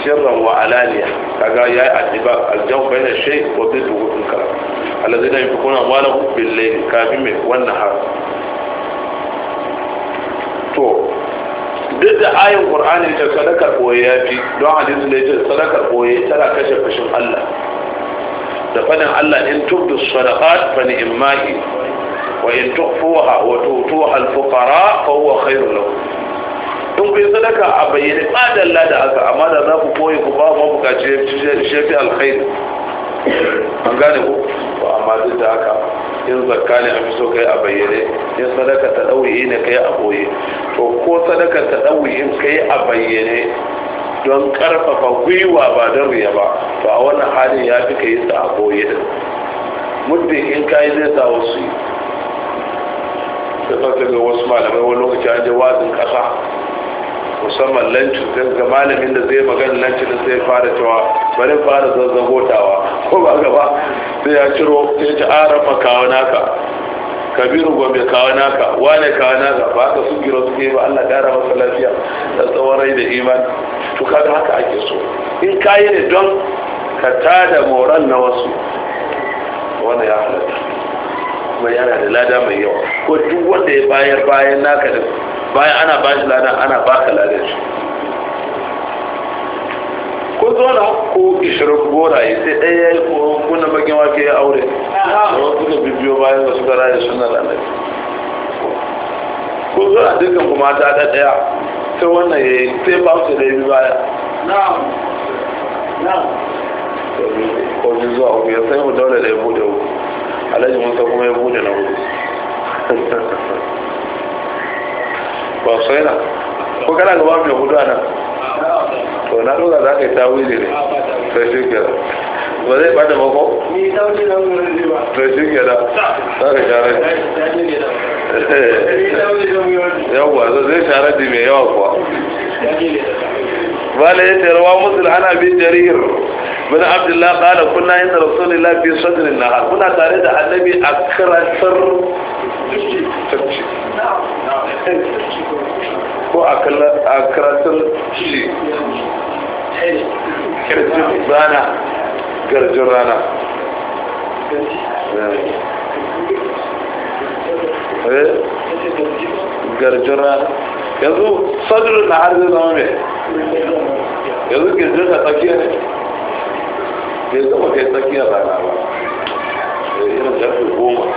sirran wa alaniya kaga yayi addiba aljaw bayna shay wa bidu hukka allazina yunfiquna amwalahum bil layli kafin mai wan nahari to duk da ayin qur'ani ta sadakar boye ya fi don hadisi ne ce sadakar boye tana kashe fashin Allah da fadin Allah in tubdu sadaqat fa ni'mahi wa in tukhfuha wa tutuha al-fuqara fa huwa khairun lakum in sadaka a bayyane ba da haka amma da za ku koyi ku ba mu bukaci shafi alkhairi an gane ku amma duk da aka. in zakka ne so kai a bayyane in sadaka ta ɗauyi ne kai a ɓoye to ko sadaka ta ɗauyi in kai a bayyane don ƙarfafa gwiwa ba don riya ba to a wannan halin ya fi ka sa a ɓoye din muddin in kayi yi zai sa wasu yi da ga wasu malamai wani lokaci an je wazin ƙasa musamman lanci ga malamin da zai magana lanci da zai fara cewa bari fara zazzagotawa ko ba gaba sai ya ciro ya ci arafa ah, kawo naka kabiru gombe kawo naka wane kawo naka ba ka su giro suke ba allah kara masa lafiya da tsawon rai da iman to kaga haka ake so in ka yi ne don ka tada moral na wasu wani ya halatta kuma yana da lada mai yawa ko duk wanda ya bayar bayan naka da bayan ana ba shi lada ana ka lada shi ko zo na ko ishirin goraye sai ɗaya ya yi kuna bakin wake ya aure da wasu da bibiyo bayan da suka raye suna ranar ko zo na dukkan kuma ta da ɗaya sai wannan ya yi sai ba su da yi baya ko ji zuwa uku ya sai mu daula da ya bude alhaji musa kuma ya bude na hudu ba su yana ko kana gaba mai hudu a nan to na dora za ka yi tawili ne to shi kira ba zai bada ba ko? to shi kira za ka share yawwa zai share di mai yawa kuwa bala ya tarawa musul ana bin jarir bin abdullah qala kunna inda rasulullah fi sadr an-nahar kuna tare da annabi a karantar tafsir ko a karatun shi kirjin rana garjin rana garjin rana yanzu sadurin na har zai zama mai yanzu girgin da tsakiyar ne zama kai tsakiyar rana ba irin jafi goma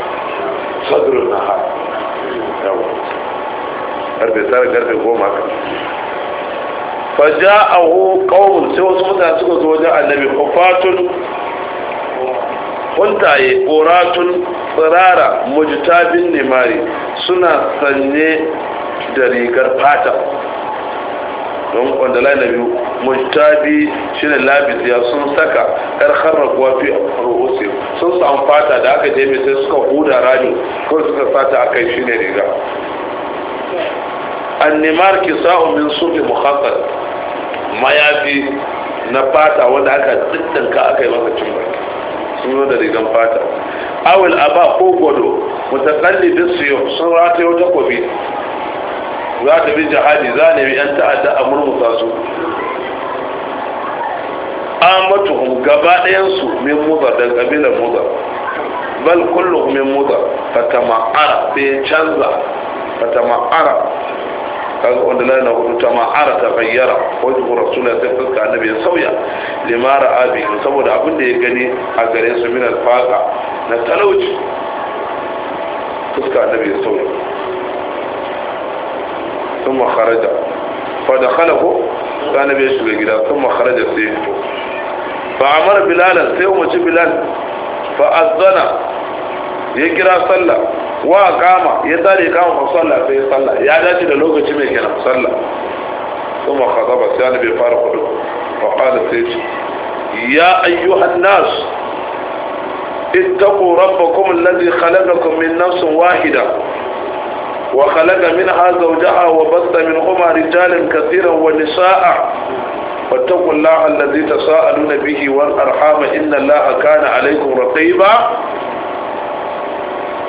sadurin na har yawa karfe tara karfe goma faja a kawun sai wasu mutane suka zo wajen annabi kufatun huntaye ƙoratun tsirara mujitabin nemari suna sanye da rigar fata don wanda lai na biyu mujtabi shi ne labisiya sun saka yar harraguwa fi ruhusiyo sun samu fata da aka jefe sai suka huda rami ko suka sata a kai shi ne riga annimar kisa'un min sufi mukhassar mayafi na fata wanda aka tsintanka aka yi masa cimba sun yi da rigan fata awil aba ko gwado mutakallidin su sun rataye wata kwabi za ta bi jihadi za nemi yan ta'adda a murmusa su amatuhum gaba ɗayansu min muzar da kabilar muzar bal kullum min muzar fa kama ara sai canza fatama'ara kaga wanda lai na hudu ta ma'ara ta fayyara wajen rasula sai fuska annabi ya sauya limara abi saboda abin da ya gani a gare su min alfaka na talauci fuska annabi ya sauya sun makaraja fada halako annabi ya shiga gida sun makaraja sai ya fito a mara bilalan sai umarci bilal fa azzana ya kira sallah wa kama ya tare kama musalla sai ya salla ya dace da lokaci mai kenan salla ثم خطب سيان بفارق فقال سيج يا أيها الناس اتقوا ربكم الذي خلقكم من نفس واحدة وخلق منها زوجها وبث منهما رجالا كثيرا ونساء واتقوا الله الذي تساءلون به والأرحام إن الله كان عليكم رقيبا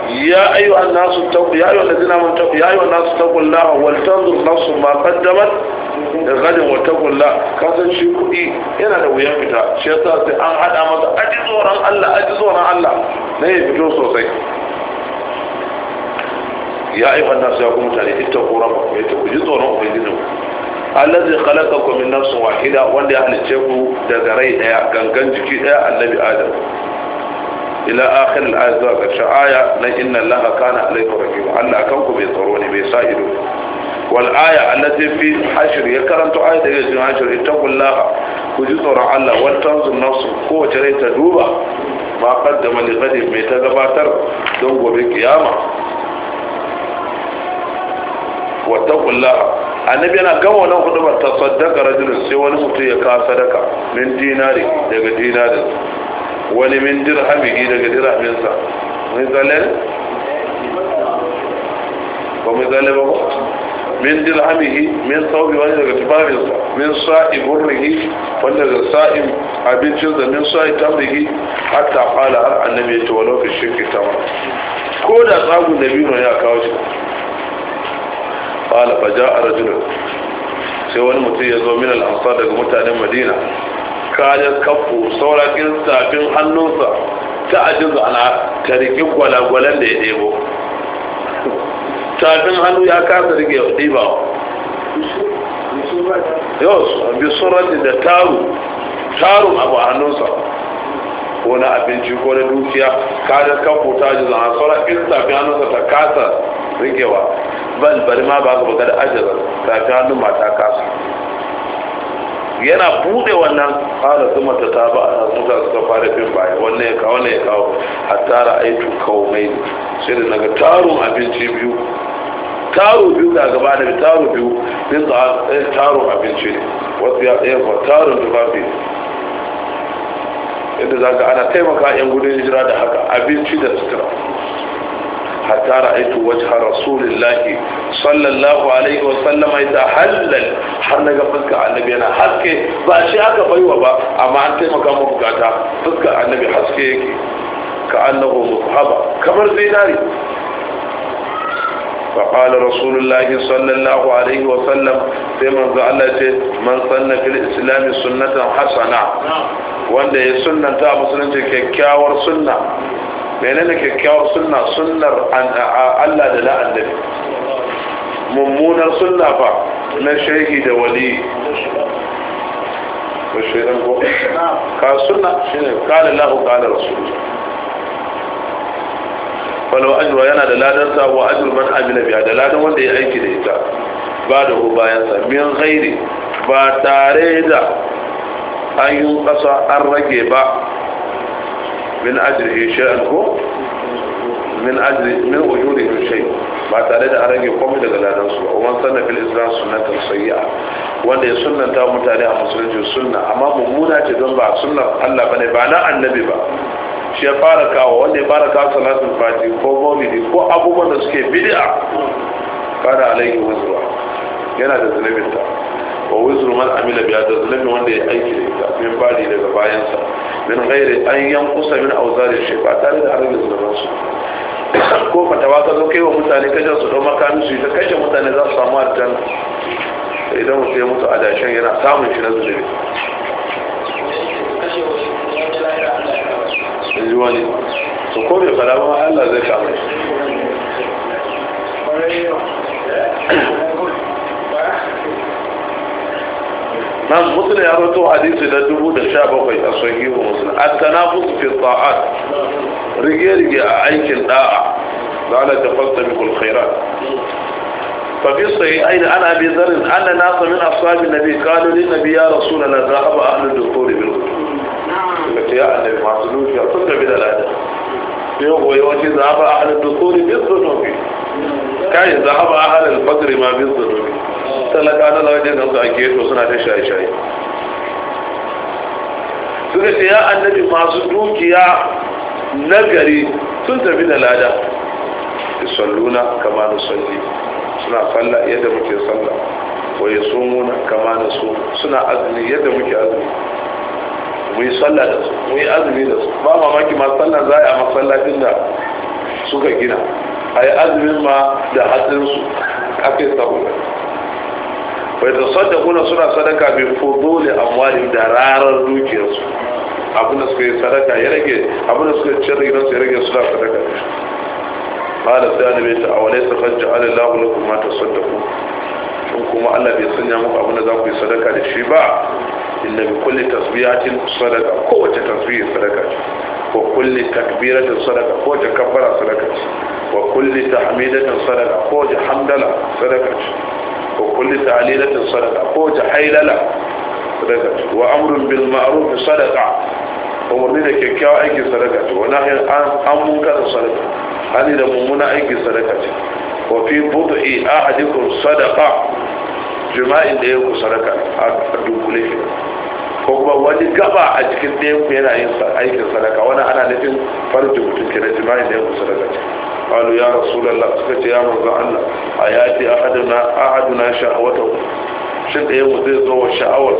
يا أيها الناس اتقوا يا أيها الذين آمنوا اتقوا يا أيها الناس اتقوا الله ولتنظر نفس ما قدمت لغد واتقوا الله كاسن شي yana da wuyan fita shi yasa sai an hada masa aji tsoron Allah aji tsoron Allah ne ya fito sosai ya ayyuha an-nas ya kuma tare ittaqu rabbakum ya ku ji tsoron ubangijinku allazi khalaqakum min nafsin wahida wanda ya halice ku daga rai daya gangan jiki daya annabi ila akhir al-ayat zuwa ƙarshen aya na inna allaha kana alayka raqiba Allah kan ku bai tsaro ne bai sa ido wal aya allati fi hashr ya karanto aya daga cikin hashr ittaqullaha ku ji tsoron Allah wal tanzur nafsu kowace rai ta duba ma qaddama li ghadin mai ta gabatar don gobe kiyama wa taqullaha annabi yana gama wannan hudubar ta saddaka rajulun sai wani mutum ya kawo sadaka min dinari daga dinarin wani min dirhamihi daga dirhaminsa mun zalal ba mun zalal ba min dirhamihi min saubi wani daga tufafinsa min sa'i burrihi wani daga sa'in abincinsa min sa'i tamrihi hatta fala har annabi ya tawa lokacin shirki ba, ko da tsagun da biyu ya kawo shi fala fa ja'a rajulun sai wani mutum ya zo min al-ansar daga mutanen madina kayan kafu saurakin safin hannunsa ta jin zana ta riƙi gwalagwalen da ya ɗebo safin hannu ya kasa ya ɗiba yau bi surati da taru tarun abu a hannunsa ko na abinci ko na dukiya kayan kafu ta jin zana saurakin safin hannunsa ta kasa riƙewa bal bari ma ba ka buga ajiyar safin hannun mata kasa yana bude wannan fara zuma ta taba a nan suka fara bin baya Wanne ya kawo ne ya kawo a tara aiki kawo mai sai da naga tarun abinci biyu taro biyu da gaba da taro biyu bin taron abinci ne wasu ya tsaye ba taron tufafi yadda za ka ana taimaka 'yan gudun hijira da haka abinci da sutura حتى رأيت وجه رسول الله صلى الله عليه وسلم يتحلل حنا فسك النبي أنا حسك باشي هكا بيوا با أما أنت مكان مبكاتا فسك النبي حسكيك كأنه مصحبة كمر زيناري فقال رسول الله صلى الله عليه وسلم سيما زعلت من سن في الإسلام سنة حسنة وأن سنة مسلمة ككاور سنة menene kyakkyawar sunna sunnar Allah da na annabi mummunar sunna fa na shehi da wali ba shi dan go ka sunna shine qala Allah qala rasul walau ajwa yana da ladan sa wa ajru man amila biha da ladan wanda ya aiki da ita ba da ko bayan sa min ghairi ba tare da an yi kasa an rage ba min ajiye shay'an ko min ajri min ujurihim shay ba tare da an rage komai daga ladan ba Wannan sanna fil islam sunnatan sayyi'a wanda ya sunnanta mutane a musulunci sunna amma mummuna ce don ba sunnar Allah bane ba na annabi ba shi ya fara kawo wanda ya fara kawo salatul fati ko Mawlidi ko abubuwan da suke bid'a kana alaihi wazra yana da zunubin ta wa wizru man amila biya da zulmi wanda ya aiki da ita min bari daga bayansa min ghairi an yankusa min auzari shi ba tare da arabin zulman su ko fatawa ka zo kai wa mutane kashe su don makamin su ta kashe mutane za su samu aljanna idan mutum ya mutu a dashen yana samun shi na zunubi in ji wani su ko bai fara ba Allah zai kama shi nan musulun ya rato hadisi na dubu da sha bakwai a sahihu musulun a tanafus fi ta'at rige-rige a aikin da'a da ana tafasta bi na ففي الصحيحين عن ابي ذر ان na من اصحاب النبي قالوا للنبي يا رسول الله ذهب اهل الدخول بالغدو. masu النبي ما صدوك يا da بلا ba a يوم يوشي ذهب Kayi الدخول a كاي ذهب أهل الفقر ما بالذنوب talaka na lawajen na suka a to suna ta shaye-shaye suka ce ya annabi masu dukiya na gari sun tafi da lada salluna kama da salli suna salla yadda muke salla wa ya sumuna kama da su suna azumi yadda muke azumi mu yi sallah da su mu yi azumi da su ba mamaki ma sallah za a masallacin da suka gina a yi azumin ma da hatsinsu kafin saboda bai da kuna suna sadaka bai a wani da rarar dukiyarsu abinda suka yi sadaka ya rage abinda suka ci rage nasu ya rage suna sadaka da shi ba da sai mai ta'awa ne safar ja'ala lahu lakum ma tasaddaqu in kuma Allah bai sanya muku abinda za ku yi sadaka da shi ba inda bi kulli tasbihatin sadaka kowace tasbihi sadaka ce Ko kulli takbiratin sadaka kowace kabbara sadaka ce wa kulli tahmidatin sadaka kowace hamdala sadaka ce Ko kulli ta'lilatin sadaka kowace hailala sadaka ce wa amrun bil ma'ruf sadaka umarni da kyakkyawa aikin sadaka ce wa nahyin an munkar sadaka hali da mummuna aikin sadaka ce wa fi budu'i ahadikum sadaqa jima'in da ya ku saraka a dunkule ke ko kuma wani gaba a cikin ɗayan ku yana yin aikin sadaka wani ana nufin farin mutum ke da jima'in da ya ku saraka قالوا يا رسول الله سكت يا مرضى الله أياتي أحدنا أحدنا شهوته شد أي مزيز ya الشعور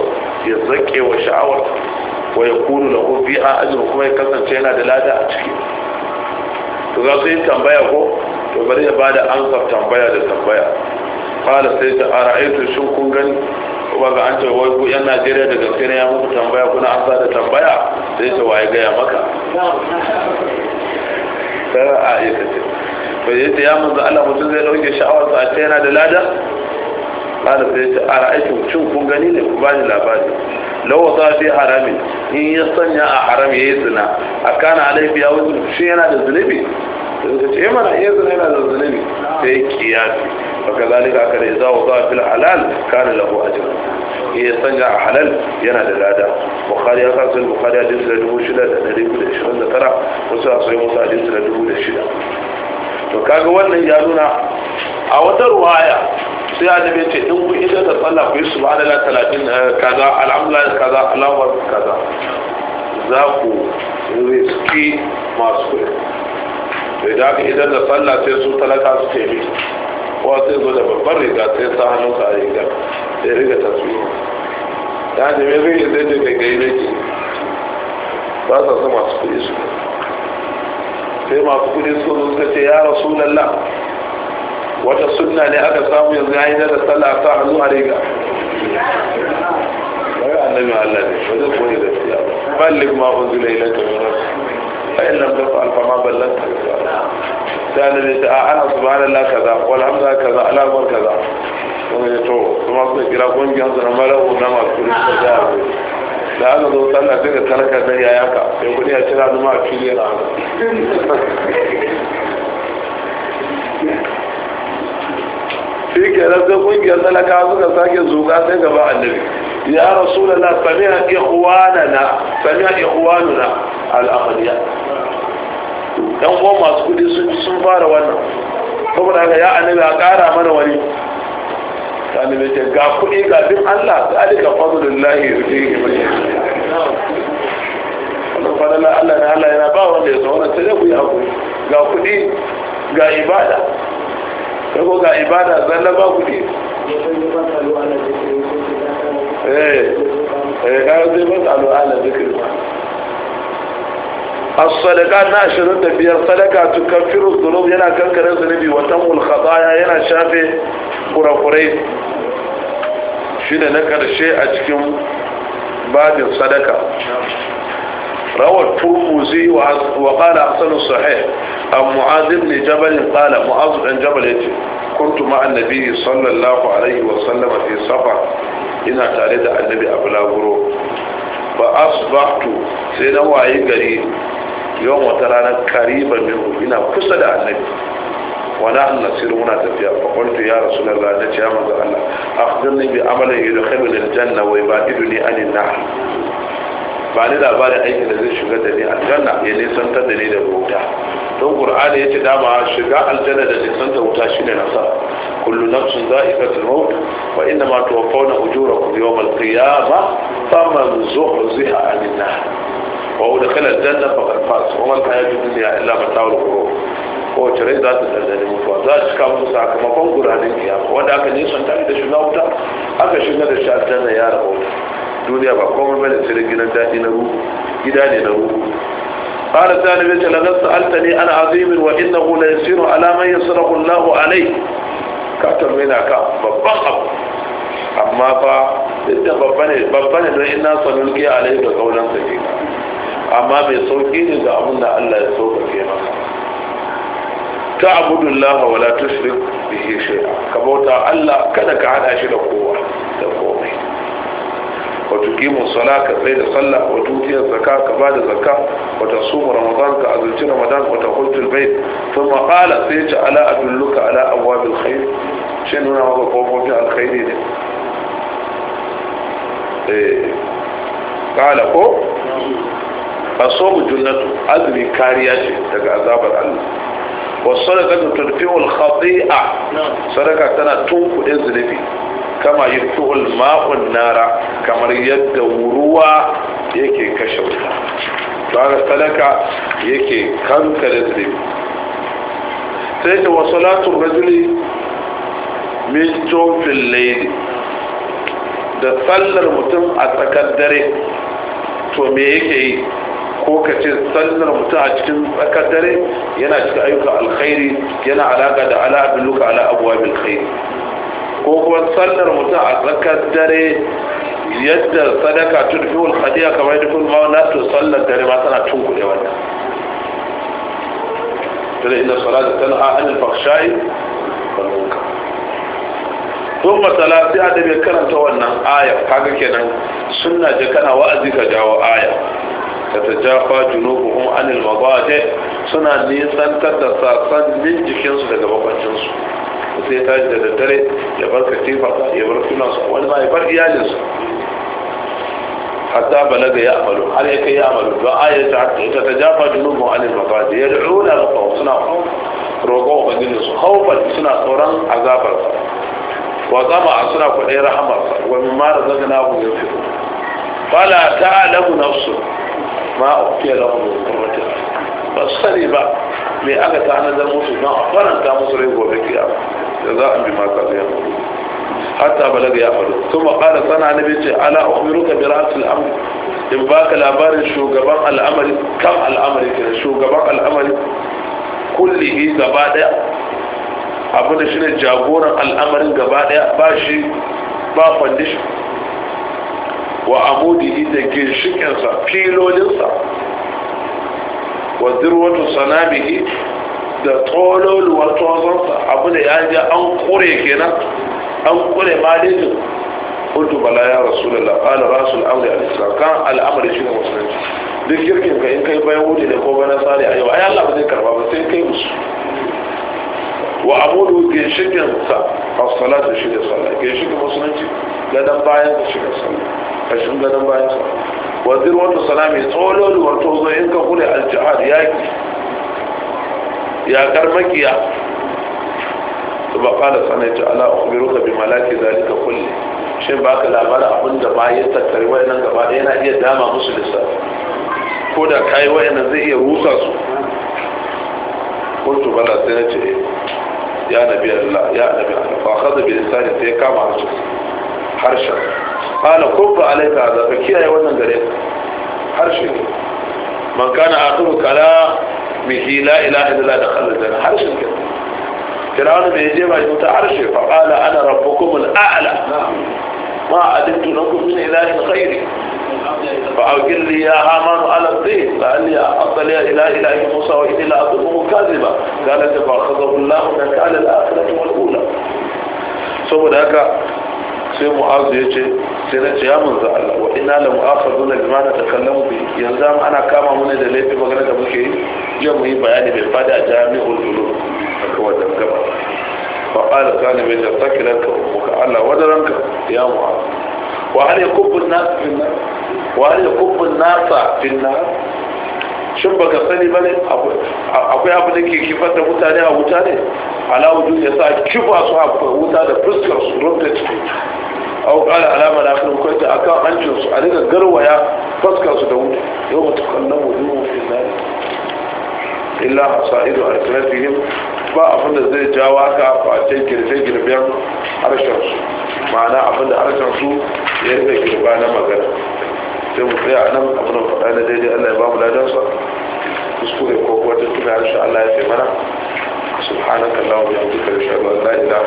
يزكي وشعور lada له ciki أجر كما يكسن yi دلادة أتكي تغطي تنبيا هو bada بعد tambaya تنبيا لتنبيا kala sai ta ara aitu shin kun gani kuma ga an ce wai ku yan najeriya da gaske ne ya muku tambaya kuna an da tambaya sai ta waye gaya maka ta a ita ce to ya ce ya manzo Allah mutum zai dauke sha'awar sa ta yana da lada kala sai ta ara aitu shin kun gani ne ku bani labari lawa za fi haramin in ya sanya a haram yayi zina akana alai biya wajen shi yana da zunubi sun ce eh mana iya zina yana da zunubi sai kiyasi baka zalika aka da za wa fil halal kana lahu ajr iya sanya a halal yana da lada bukhari ya kasu bukhari hadisi da dubu shida da dari da ishirin da tara wasu a sai musa hadisi da dubu da shida to kaga wannan ya nuna a wata ruwaya sai annabi ce in ku idan da tsalla ku yi subhanallah talatin eh, kaza alhamdulillah kaza allahu kaza za ku riski masu kuɗi da ya aka idan da sallah sai su talaka su ke bi ko sai zo da babbar riga sai sa hannu sa riga sai riga yi ya ne mai zai zai da gaggai da ke ba sa su masu kuɗi su sai masu kuɗi su zo suka ce ya rasu lalla wata sunna ne aka samu yanzu ya yi da sallah sa hannu a riga wai annabi Allah ne wajen koyi da Ba ballig ma unzila ilaika min fa in lam tafal fa ma ba sai annabi ya ce a ana subhanallah kaza walhamdulillah kaza ala akbar kaza kuma ya to kuma suka kira kungiyar su na malawu na masu rikin da da aka zo sallah sai ka talaka da yaya ka sai kudi ya cira numa a fili na shi kenan sai kungiyar talaka suka sake zuga sai gaba annabi يا رسول الله سمع إخواننا سمع إخواننا الأغنياء yan uwan masu kudi sun fara wannan saboda haka ya annabi a kara mana wani annabi ce ga kudi ga bin Allah zalika fadlullahi yutihi man yasha wannan fadlan Allah na Allah yana ba wanda ya so wannan sai ku yi hakuri ga kudi ga ibada sai ga ibada zalla ba ku ce eh, eh, as-sadaqa na shirin da biyar sadaqa to kafiru zulum yana kankare zunubi wa tamul khataya yana shafe kurakurai shi da na karshe a cikin babin sadaqa روى الترمذي وقال أحسن صحيح عن معاذ بن جبل قال معاذ بن جبل كنت مع النبي صلى الله عليه وسلم في سفر إن تارد النبي أبو لابرو فأصبحت سنوعي قريب يوم وترانا قريبا منه إن كسد النبي ونحن نسير هنا تفيا فقلت يا رسول الله نجي يا الله أخبرني بعمل يدخلني الجنة ويبعدني عن النار ba ni labarin aikin da zai shiga da ni aljanna ya nisantar da ni da wuta don qur'ani yace dama shiga aljanna da nisantar wuta shine nasa kullu nafsin za'iqatul maut wa innama tuwaffawna ujurakum yawmal qiyamah faman zuhziha 'anil nar wa udkhila aljanna faqad faz wa man hayatud dunya illa mata'ul ghurur ko tare za ta tsare mutuwa za ta kawo musu sakamakon guranin kiyama wanda aka nisanta da shiga wuta aka shiga da shi aljanna ya rabu duniya ba komai mai sirin gidan daɗi na gida ne na ruhu ƙara ta da bisa altani ana azimin wa inna hula ya alamai ya sura kun lahu a nai na ka babban abu amma fa inda babban ne don ina sanu ke a nai ga kaunan sa amma mai sauƙi ne ga abin da allah ya sauƙa ke ta abudun lahu wala tushrik bihi shai'a ka bauta allah kada ka hada shi da kowa da komai wa tuqimu sala ka tsaya da sallah wa tutiyar zakka ka ba da zakka wa tasumu ramadan ka azurci ramadan wa tahujjul bait thumma qala sai ta ala adulluka ala abwabil khair shin nuna maka kofofin alkhairi ne kala eh, ko asobu junnatu azumi kariya ce daga azabar Allah wasu sadaka ta turfi wal khati'a sadaka tana tun tunkuɗe zunubi kama yutsu'ul ma'un nara kamar yadda ruwa yake kashe wuta kaga sadaka yake kankare zunubi sai ta wasu latin rajuli min tofin laidi da sallar mutum a tsakar dare to me yake yi ko ka ce sallar mutum a cikin tsakar dare yana cikin ayyuka alkhairi yana alaka da ala abin luka ala abuwa bil khairi ko kuma sallar mutum a tsakar dare yadda sadaka tun tudfihul khadiya kamar yadda mauna to sallar dare ma tana tunkuɗe wannan tana inda salatu tanha anil fakhsha'i wal munkar don matsala, sai a dabe karanta wannan aya kaga kenan suna je kana wa'azi ka jawo aya ta tajafa junubuhum anil mabaje suna nisan kada sassan jikinsu daga bakwancinsu sai ta da daddare ya bar katifa ya bar sunansu wani ma ya bar iyalinsu hatta bala ya amalu har ya ya amalu don ayar ta ta ta jafa junun mu alin mafa da ya rura suna roƙo a gini su haufar suna tsoron azabar wa zama a suna kuɗe rahamar wa min mara zaga na hu ya fito bala ta alamu na su ma a kuke da hu kurmatin ba su sani ba me aka ta hana zan mutu don a faranta musu rai gobe kiyama جزاء بما صبروا حتى بلغ يعمل ثم قال صنع النبي الا اخبرك براس الامر in baka labarin shugaban al'amari kan al'amari kenan shugaban al'amari kullihi gaba da shi ne jagoran al'amarin gaba daya ba shi ba kwandishin. wa amudi da ginshikinsa filolinsa wa zirwatu sanabihi da tsololuwar tozonsa abu da ya ji an kure kenan an kure malejin kuntu bala ya rasu da lafala rasul amri al-islam kan al'amari shi da musulunci duk girkin ka in kai bayan wuce ne ko bayan sani a yau ai Allah ba zai karba ba sai kai musu wa amudu ginshikin sa a salatu shi da sallah ginshikin musulunci gadon bayan da shiga sallah kashin gadon bayan sa wazir wata salami tsololuwar tozo in ka kure al jihar yaki Ya makiya su ba kala sanai ta ala ukhbiru ka bi malaki zalika kulle. shin ba ka labarin abin da ba ya tattare wayannan gaba ɗaya yana iya dama musu lissafi ko da kai wayannan zai iya rusa su kuntu bala sai na ce ya nabi Allah ya nabi Allah fa khadha bi lisani sai kama harshen harshen qala kubba alaika za ka kiyaye wannan gare harshen man kana akhiru kala به لا إله إلا الله دخل الجنة حرش كده فرعون بيجي ما يموت عرشه فقال أنا ربكم الأعلى ما علمت لكم من إله غيري فأقل لي يا هامان على الدين قال لي أفضل يا إله إله موسى وإني لا أظنه كاذبا قالت فأخذه الله نكال الآخرة والأولى saboda sai mu'azu ya ce sai na ce ya mun za Allah wa ina la mu'akhaduna bima na takallamu bi yanzu ana kama mu ne da laifi magana da muke yi je mu yi bayani bai fada a jami'ul ulum aka wannan gaba fa qala kana bi tatakilaka ummuka Allah wadaranka ya mu'azu wa hal yakubbu an-nas fi an-nar wa hal yakubbu an nasa fi an-nar shin ba ka sani ba ne akwai abu da ke kifar da mutane a wuta ne ala wudu ya sa kifa su haka wuta da fuskar su rumta ciki au kala alama na kan kwanta akan hancin su a daga garwaya fuskar su da wuta yau mutu kallon wudu fi nari illa sa'idu a tarafihim ba abin da zai jawo ka fatan girbe-girben harshen su ma'ana abin da harshen su ya rika girba na magana sai mu tsaya a nan abin da faɗa na daidai Allah ya ba mu ladansa kuskure ko kuwa ta tuna shi Allah ya fi mana subhanaka Allahumma wa bihamdika ya an la ilaha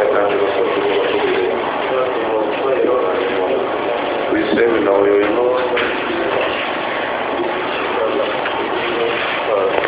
illa anta wa